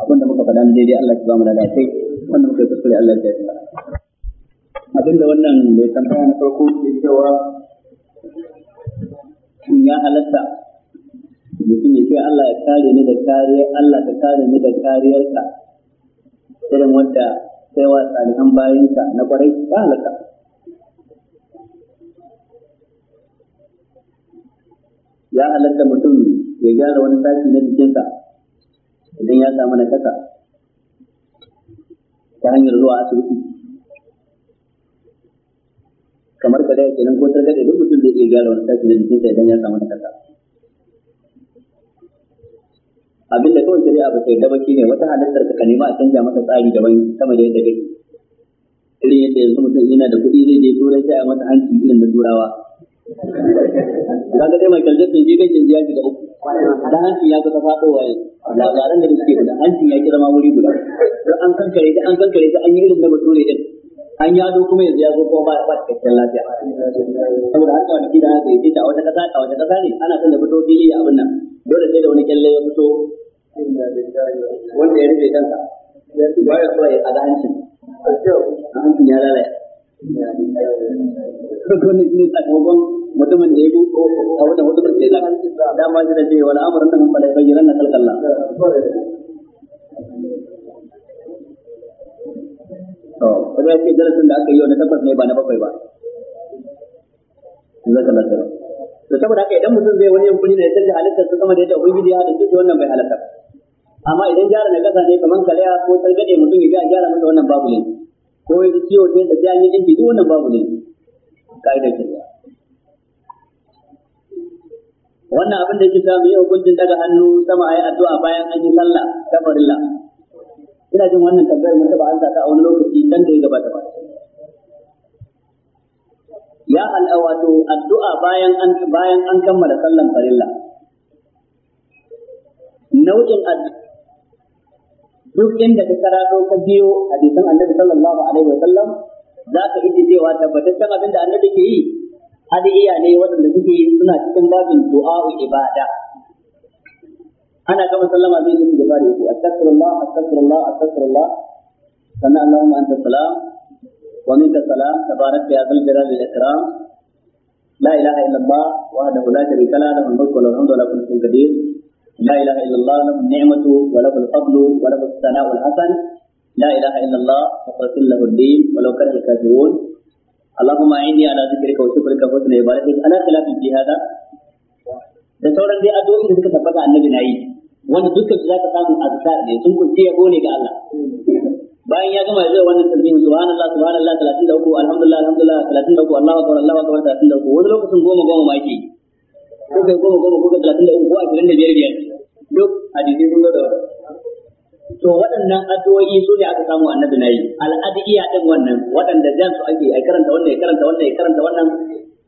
abinda muka faɗa ne daidai Allah ya ba mu da lafiya wanda muka yi kuskure Allah ya ba abinda wannan mai tambaya na farko ke cewa shin ya halatta mutum ya ce Allah ya kare ni da kariyar Allah ka kare ni da kariyarsa irin wanda sai wa salihan bayinsa na kwarai ba halatta ya halatta mutum ya gyara wani taki na jikinsa idan ya samu na kasa ta hanyar zuwa asibiti kamar kada ya kenan ko targaɗe duk mutum zai iya gyara wani taki na jikinsa idan ya samu na kasa abin da kawai shari'a ba sai daba shi ne, wata halittar ka nema a canja masa tsari daban sama da yadda kake irin yadda yanzu mutum yana da kuɗi zai je turai sai a masa hanci irin na turawa kaga dai Michael Jackson shi kan ya shiga uku da hanci ya ga fadowa waye. labaran da suke da hanci ya kira ma wuri guda to an kankare ta an kankare ta an yi irin na bature din an yado kuma yanzu ya zo kuma ba ba cikakken lafiya saboda har kawai da haka yake da a wata kasa a wata kasa ne ana son da fito fili ya abin nan dole sai da wani kyalle ya fito wanda ya rufe kansa ya so ya a ga hancin a hancin ya lalaya Kakone shi ne sakamakon mutumin da ya bu a wata mutumin da ya Da Dama shi da ce wani amurin nan ba da bayyana na kalkalla. To, wanda ya ce darasin da aka yi wani tabbas ne ba na bakwai ba. Zaka lafiya. To saboda haka idan mutum zai wani yankuni da ya canza halittarsa sama da yadda Ubangiji ya halitta wannan bai halatta. Amma idan gyara na kasa ne kamar kalaya ko targaɗe mutum ya gyara masa wannan babu ne. ko ya ji ciwo sai ka ji an yi dinki duk wannan babu ne ka'idar shari'a wannan abin da yake samu yau hukuncin daga hannu sama yi addu'a bayan an yi sallah ta farilla ina jin wannan tambayar mun taba an ta a wani lokaci dan da ya gabata ba ya al'awato addu'a bayan an bayan an kammala sallan farilla nau'in addu'a duk inda ka karato ka biyo hadisan annabi sallallahu alaihi wa sallam, za ka iya cewa tabbataccen abin da annabi ke yi adiya ne waɗanda suke suna cikin babin wa ibada ana kama sallama zai yi gaba da yake astaghfirullah astaghfirullah astaghfirullah sannan allahumma anta salam wa minka salam tabarakta ya zal jalali wal ikram la ilaha illallah wahdahu la sharika lahu mulku wa lahu al hamdu wa la kulli qadir لا إله إلا الله له النعمة وله الفضل وله الثناء الحسن لا إله إلا الله وقاتل له الدين ولو كره الكافرون اللهم أعني على ذكرك وشكرك وحسن عبادتك أنا خلاف في هذا da sauran dai addu'o'i da suka tabbata annabi na yi wanda dukkan su zaka samu azkar ne sun kunce yabo ne ga Allah bayan ya gama zai wannan tasbih subhanallah subhanallah 33 alhamdulillah alhamdulillah 33 Allahu akbar Allahu akbar 33 wani lokacin goma goma ma ko kai goma goma ko 33 ko 25 biyar duk hadisi sun ga gaba to waɗannan addu'o'i su ne aka samu annabi na yi al'adiya din wannan waɗanda jan su ake ai karanta wannan ya karanta wannan ya karanta wannan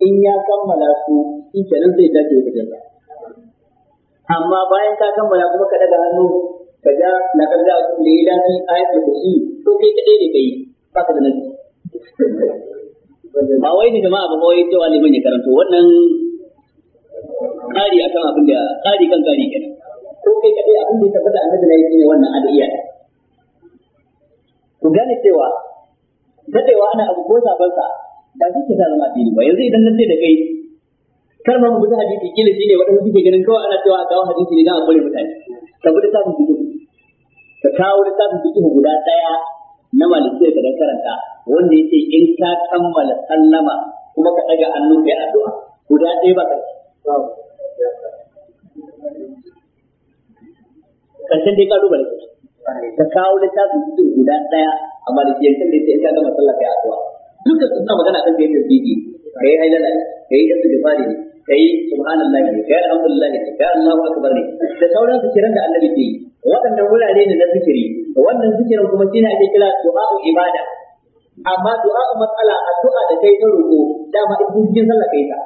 in ya kammala su in kenan zai dace da kaje amma bayan ka kammala kuma ka daga hannu ka ja na kalla a cikin da ya dace ayatul kursi to kai kadai ne kai ba ka da nabi ba wai ne jama'a ba wai cewa liman ya karanto wannan kari akan abin da kari kan kari kenan kai kaɗai abin da ya tabbata annabi na yi ne wannan addu'a ku gane cewa daɗewa ana abu ko sabon sa ba shi ke zama addini ba yanzu idan na ce da kai kar ma mu guji hadisi kila ne waɗanda suke ganin kawai ana cewa a kawo hadisi ne dan a kore mutane saboda ta sabon bidiyo ka kawo littafin fiqh guda daya na malikiyar ka da karanta wanda ya ce in ka kammala sallama kuma ka ɗaga hannu kai addu'a guda ɗaya ba ka karshen dai kalubale ka kawo littafin cikin guda daya amma da yankan da yake in ka gama sallah kai addu'a duka suna magana kan kai tasbihi kai haidala kai istighfari ne kai subhanallah ne kai alhamdulillah ne kai allahu akbar ne da sauran zikiran da annabi ke yi waɗannan wurare ne na zikiri wannan zikirin kuma shine ake kira du'a'u ibada amma du'a'u matsala addu'a da kai ta roƙo dama in cikin sallah kai ta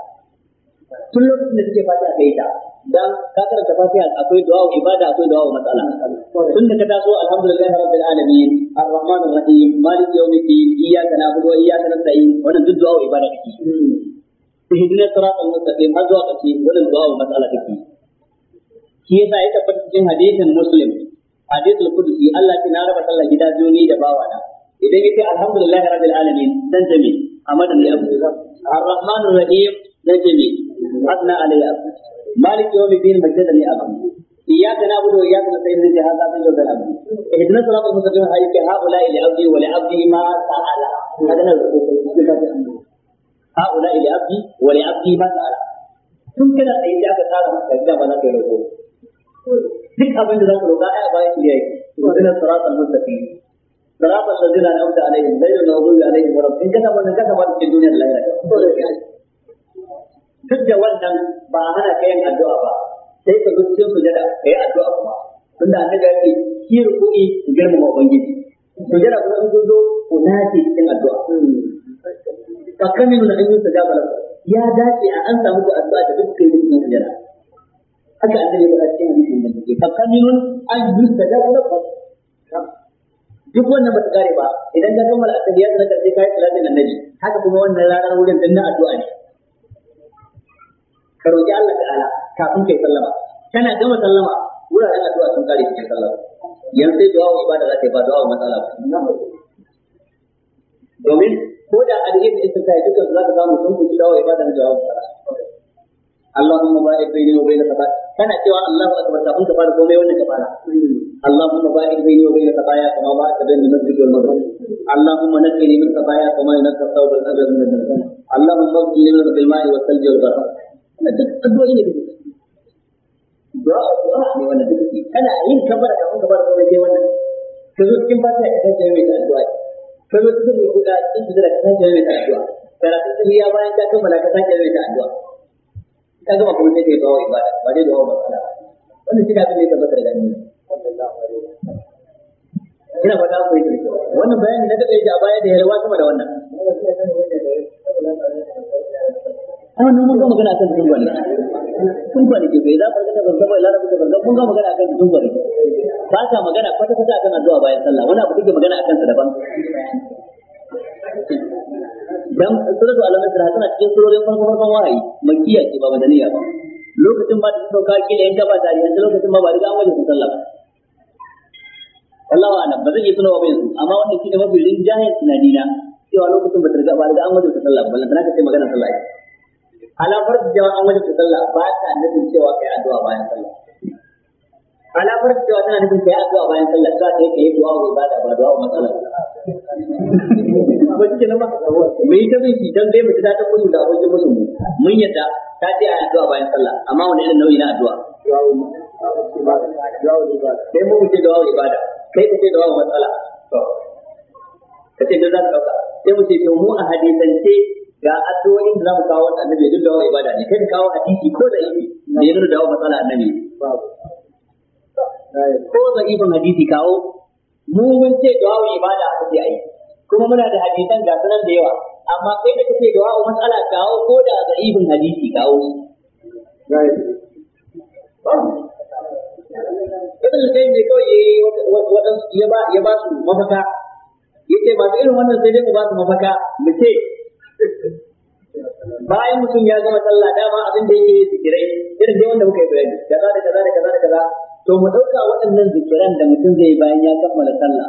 tun lokacin da kake fata kai ta dan ka karanta fatiha akwai du'a wa ibada akwai du'a wa matsala tun da ka taso alhamdulillahi rabbil alamin arrahmanir rahim malik yawmiddin iyyaka na'budu wa iyyaka nasta'in wannan duk du'a wa ibada kake ihdina siratal mustaqim har zuwa kace wannan du'a wa matsala kake shi yasa ya tabbata cikin hadisin muslim hadisul qudsi Allah ya raba sallah gida biyu ni da bawana idan yake alhamdulillahi rabbil alamin dan jami amma da ni abu arrahmanir rahim dan jami adna alayya مالك يوم الدين مجدني أبا إياك نعبد وإياك نستعين في هذا من يوم الأمر اهدنا صراط المستقيم هايك هؤلاء لعبدي ولعبدي ما سأل هذا هؤلاء لعبدي ولعبدي ما سأل tun kana tsaye da aka tsara maka da ba za ka yi roƙo duk abin da za ku roƙa ai a bayan shi yake wadana siratal mustaqim siratal ladzina an'amta alaihim ghayril maghdubi alaihim waladdallin kana wannan kana ba cikin duniyar lahira duk da wannan ba a hana ka yin addu'a ba sai ka zuciyar sujada ka yi addu'a kuma tunda an ya ce ki ruku'i girma girmama ubangiji sujada kuma in kun zo ku nace cikin addu'a fa kamilu na an yi sujada lakum ya dace a an samu ku addu'a da duk kai cikin sujada haka an ya ce cikin hadisin da fa kamilu an yi sujada lakum duk wannan ba ta kare ba idan ka kammala asabiyar na karshe kai salatin annabi haka kuma wannan ranar wurin dan na addu'a ne ka roƙi Allah ta ala kafin kai sallama kana gama sallama wuraren addu'a sun kare cikin sallama yanzu sai du'a ibada za ta yi ba du'a matsala domin ko da addu'a da istinta ya dukkan za ka samu sun kuci da ibada na jawabu Allahumma barik baini wa baina ta kana cewa Allahu akbar kafin ka fara komai wannan gabara Allahumma barik baini wa baina khata ya kama ba ta bayyana masjid wal madrasa Allahumma nakini min khata ya kama yanaka tawbal adab min Allahumma qul lil ma'i wa thalji wal barak Wannan duk addu'o'i ne da gaske. Du'a du'a ne wannan duk gaske. Kana yin kabara kafin ka fara komai sai wannan. Ka zo cikin fatiha ka san jami'a da addu'a. Ka zo cikin rubuta cikin jidara ka san jami'a da addu'a. Karatun tahiyya bayan ka kammala ka san jami'a da addu'a. Ka gama kuma sai kai bawa ibada ba dai da wani matsala. Wannan shi ne da ya tabbatar ina fata ku yi wannan bayani na daɗe a baya da ya sama da wannan ai wannan mun ga magana akan tun kwanaki tun kwanaki bai za farka barka ba lara ta barka mun ga magana akan tun kwanaki ba ta magana kwata kwata akan addu'a bayan sallah wani abu take magana akan sa daban dan suratu al-anfal tana cikin surorin farko farkon wahayi makkiya ce ba madaniya ba lokacin ba ta sauka kila in ta ba ta yanzu lokacin ba ba riga an wajen sallah ba wallahu a'lam ba zan yi tunawa ba yanzu amma wannan shine mafi rinjayen tunanina cewa lokacin ba ta riga ba riga an wajen sallah ba lantana ka sai magana sallah alamar da an wajen sallah ba ta nufin cewa kai addu'a bayan sallah alamar da cewa tana nufin kai addu'a bayan sallah ta sai kai du'a wa ibada ba du'a wa matsala ba kike nan ba me ita bin shi dan dai mu ta ta kullu da abokin musu mu mun yadda ta ce a addu'a bayan sallah amma wani irin nauyi na addu'a sai mu ce du'a wa ibada kai ka ce du'a wa matsala ka ce dan za ka dauka sai mu ce to mu a hadisance ga addu'o'in da za mu kawo wa annabi duk da wa ibada ne kai ka kawo hadisi ko da ibi da ya nuna dawo matsala annabi ko da ibin hadisi kawo mu mun ce du'a ibada aka ce ai kuma muna da hadisan ga sanan da yawa amma kai da kace du'a matsala kawo ko da da ibin hadisi kawo Ibn kai ne kawai ya ba ya ba su mafaka yace masu irin wannan sai dai ku ba su mafaka mu ce bayan mutum ya gama sallah dama abin da yake zikirai irin dai wanda muka yi bayani kaza da kaza da kaza da kaza to mu dauka waɗannan zikiran da mutum zai yi bayan ya kammala sallah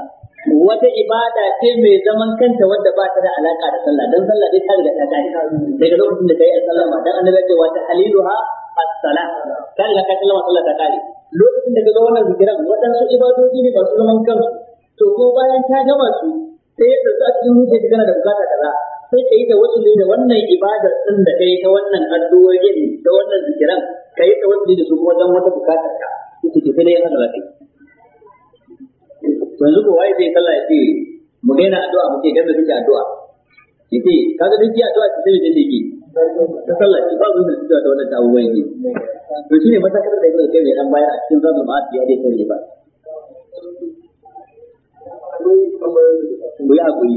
wata ibada ce mai zaman kanta wadda ba ta da alaka da sallah dan sallah dai ta riga ta kai daga lokacin da kai sallama dan annabi ce wata tahliluha as Salah, ta riga ta sallama sallah ta kare lokacin da ga wannan zikiran waɗansu ibadoji ne masu zaman kansu to ko bayan ta gama su sai ya tsatsa cikin zuciya kana da bukata kaza sai ka yi tawassuli da wannan ibadar din da kai ta wannan addu'o'in da wannan zikiran ka yi tawassuli da su kuma dan wata bukatar ka ita ce sai haka za ka yanzu ko waye zai kalla ya ce mu daina addu'a mu ce da kike addu'a yace kaga duk addu'a ce sai da yake ta sallah ki ba da addu'a da wannan tawo yake to shine matakar da yake kai dan bayar a cikin zamu ma'a ya dai kai ba mu yi hakuri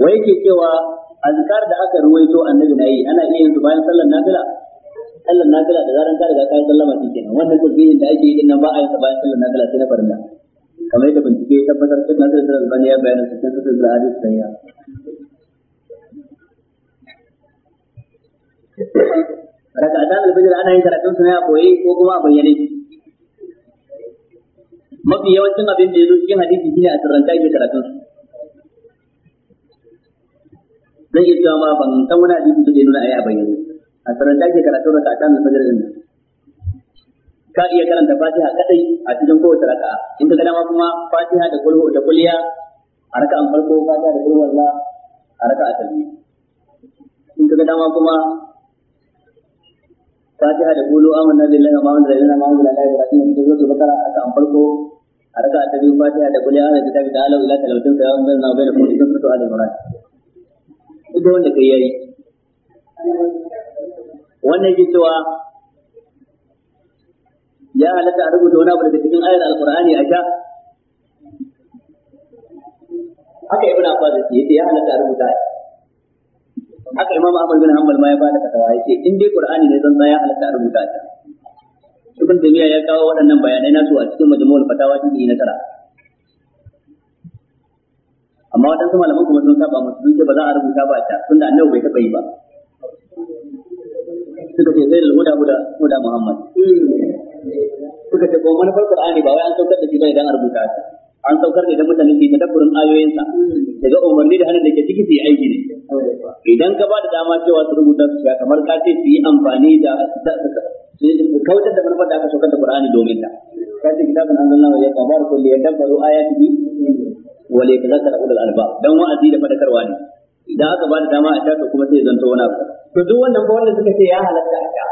wai yake cewa azkar da aka ruwaito annabi na yi ana iya yin su bayan sallar nafila sallar nafila da zaran ka riga ka yi sallah ma cikin wannan tasbihin da ake yi din nan ba a yin sa bayan sallar nafila sai na farilla kamar yadda bincike ya tabbatar cikin nasar da albani ya bayyana cikin sassan da hadis da ya raka adan albajir ana yin karatun su ne koyi ko kuma a bayyane mafi yawancin abin da ya zo cikin hadisi shine a sirranta yake karatun su zai iya cewa ma ban san wani hadisi da zai nuna ayi a bayyane a sanar da ke karatu da ta da fajar din ka iya karanta fatiha kadai a cikin kowace raka'a in ka dama kuma fatiha da kulhu da kulliya a raka'an farko fatiha da kulhu wallah a raka'a ta biyu in ka dama kuma fatiha da qulu amanna billahi wa ma unzila ilayna ma unzila ila ibrahim da zuwa bakara a kan farko a raka'a ta biyu fatiha da qul ya ayyuhal kitabi ta'alu ila talawatin sayyidina wa bainakum bi sunnati al-imran da wanda ka yi wannan ke cewa ya halatta a rubuta wani abu daga cikin ayar alkur'ani a sha haka ibn abbas ya ce ya halatta a rubuta haka imam ahmad bin hanbal ma ya bada fatawa ya ce in dai qur'ani ne zan ya halatta a rubuta ta ibn tamiya ya kawo waɗannan bayanai nasu a cikin majmu'ul fatawa cikin na tara amma waɗansu malaman kuma sun saba musu sun ce ba za a rubuta ba ta tunda annabi bai taɓa yi ba suka ce sai da huda huda huda muhammad suka ce ko manufar qur'ani ba wai an saukar da shi ba idan a rubuta shi. an saukar da idan mutane su yi tadabburin ayoyinsa daga umarni da hannun da ke ciki su yi aiki ne idan ka ba da dama cewa su rubuta su ya kamar ka ce su yi amfani da kautar da manufar da aka saukar da qur'ani domin ta ka kitabun kitabun anzalnahu ilayka kulli yadabbaru ayatihi Wale ta zaka ulul alba dan wa'azi da fadakarwa ne idan aka ba da dama a taka kuma sai zanto wani abu to duk wannan ba wanda suka ce ya halatta a ta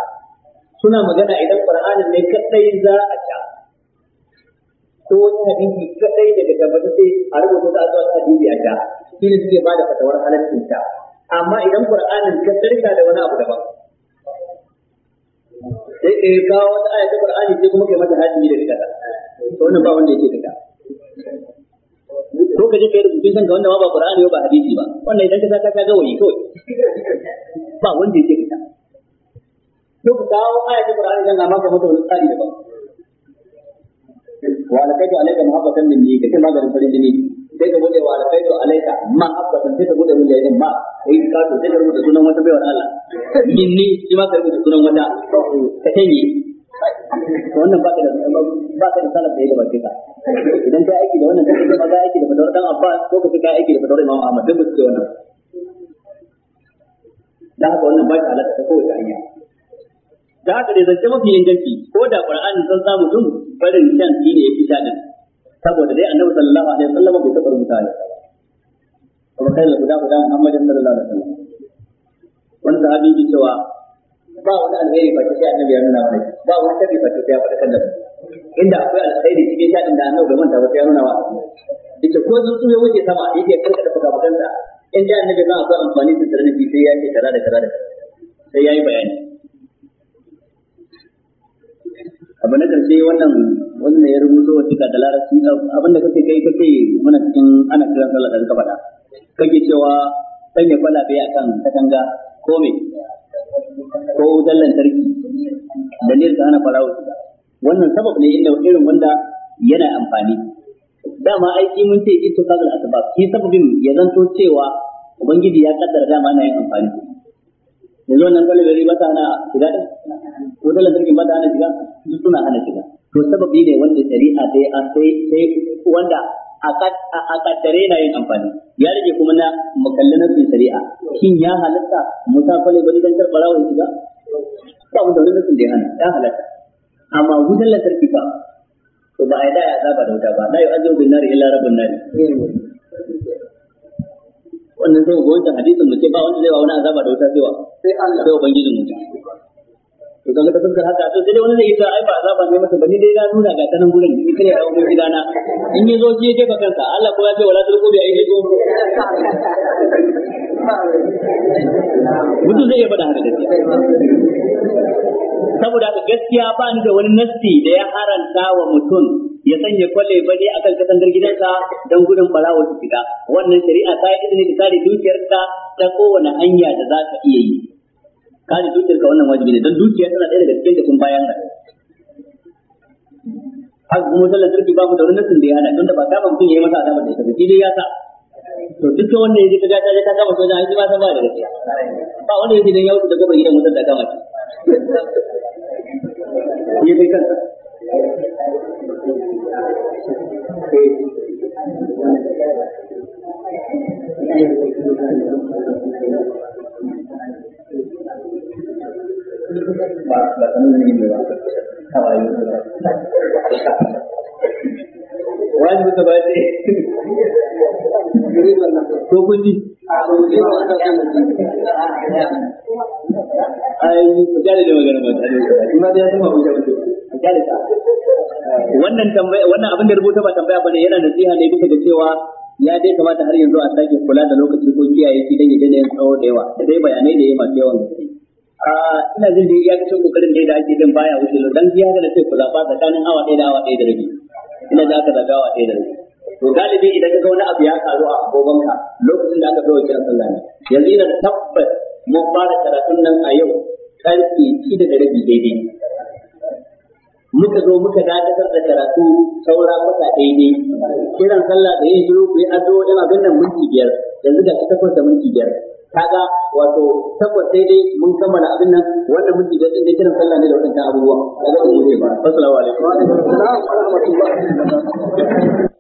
suna magana idan qur'anin ne kadai za a ta ko wani hadisi kadai daga tabbata sai a rubuta ta zuwa hadisi a ta shi ne suke ba da fatawar halaccin ta amma idan qur'anin ka tsarka da wani abu daban sai ka kawo wata ayatul qur'ani sai kuma kai mata hadisi da ta to wannan ba wanda yake da ta ko ka je kai rubutun ga wanda ba Qur'ani ba hadisi ba wannan idan ka saka ka ga wani kawai ba wanda yake kita to ka dawo ayatul Qur'ani dan amma ka mutu wani tsari daban wa laqad alayka mahabbatan ni kace garin farin jini sai ka gode wa alkai to alaika ma abbatan sai ka gode mun yayin ma kai ka to sai ka rubuta sunan wata wa Allah ni, shi ma ka rubuta sunan wata ka tanye wannan baka da baka da salaf da ya gabace ka idan kai aiki da wannan kai kuma ga aiki da fatawar dan Abbas ko ka kai aiki da fatawar Imam Ahmad duk su ce wannan Da haka wannan ba shi alaka ta kowace hanya da haka dai zance mafi inganci ko da Qur'ani san samu dun barin shan shi ne yafi shaɗin saboda dai Annabi sallallahu alaihi wasallam bai taɓa rubuta ne kuma kai da guda guda Muhammadin sallallahu alaihi wasallam wanda abin cewa ba wani alheri ba sai annabi ya nuna wani ba wani tabi ba sai ya faɗa da inda akwai alheri cikin shaɗin da annabi bai manta ba sai ya nuna wa yace ko zuwa ya wuce sama yake da fuka bukanta in da annabi zan akwai amfani da tarnabi sai ya ce kaza da kaza da sai ya yi bayani abu na karshe wannan wannan ya rubuto wa cika da larabci abin da kake kai kake mana cikin ana kiran sallah da ka faɗa kake cewa sanya kwalabe akan katanga ko me ko wutar lantarki da ne ka hana farawa shiga wannan sabab ne inda irin wanda yana amfani dama aiki mun ce ita kazal asbab shi sababin ya zanto cewa ubangiji ya kaddara dama na yin amfani yanzu wannan kwalibari ba ta hana shiga da wutar lantarki ba ta hana shiga duk suna hana shiga to sababi ne wanda shari'a a sai sai wanda a kaddare na yin amfani ya rage kuma na mukallin shari'a shin ya halatta musafale bari dan karbarawa shiga ba mu da da ya hana ya halatta amma wutan lantarki ba, to ba a yi da ya azaba da wuta ba la yu'azibu bin nari illa rabin nari wannan sai ga wancan hadisin mu ce ba wanda zai wa wani azaba da wuta sai wa sai Allah sai ubangijin mu to kaga ta fuskar haka to sai dai wani zai yi ta ai ba azaba ne masa bane dai na nuna ga tanan gurin ni kare da wani gidana in yi zo ji ya jefa kansa Allah ko ya ce wala tulqu bi aidikum *laughs* mutum zai iya faɗa haka gaskiya saboda haka gaskiya ba ni da wani nasti da ya haranta wa mutum ya sanya ne bane kan katangar gidansa don gudun barawa su shiga wannan shari'a ta yi izini da kare dukiyarka ta kowane hanya da za ka iya yi kare dukiyarka wannan wajibi ne don dukiya tana ɗaya daga cikin kashin bayan nan Haka kuma sallar sarki ba mu da wani nassin da ya hana don da ba kama mutum ya yi masa adama da ita ba shi dai ya sa to dukkan wanda ya ji kaga ta je ta kama soja ma ba da gaskiya ba wanda ya ji dan ya da gobe gidan mutum da kama shi kai ba ba ne ba ba wani muka ba ce ko ai da magana ba tare da ya ba ku gane ta wannan tambaya wannan abin da rubuta ba tambaya bane yana nasiha ne bisa ga cewa ya dai kamata har yanzu a sake kula da lokaci ko kiyaye shi dan ya daina yin tsawo da yawa da dai bayanai da yawa masu a ina jin da ya kace kokarin da ake jin baya wuce dan ya ga da sai kula ba tsakanin awa ɗaya da awa ɗaya da rabi ina za ka daga wa ɗaya to galibi idan ka ga wani abu ya karu a gobanka lokacin da aka zo kiran sallah ne yanzu ina tabbas mun fara karatun nan a yau karfe shida da rabi daidai muka zo muka dakatar da karatu saura kwata daidai kiran sallah da yin shiru ku yi azo yana binnan minti biyar yanzu ga takwas da minti biyar kaga wato tabbas sai dai mun kammala abin nan wanda muke da dai kiran sallah ne da wadannan abubuwa kaga da yake ba assalamu alaikum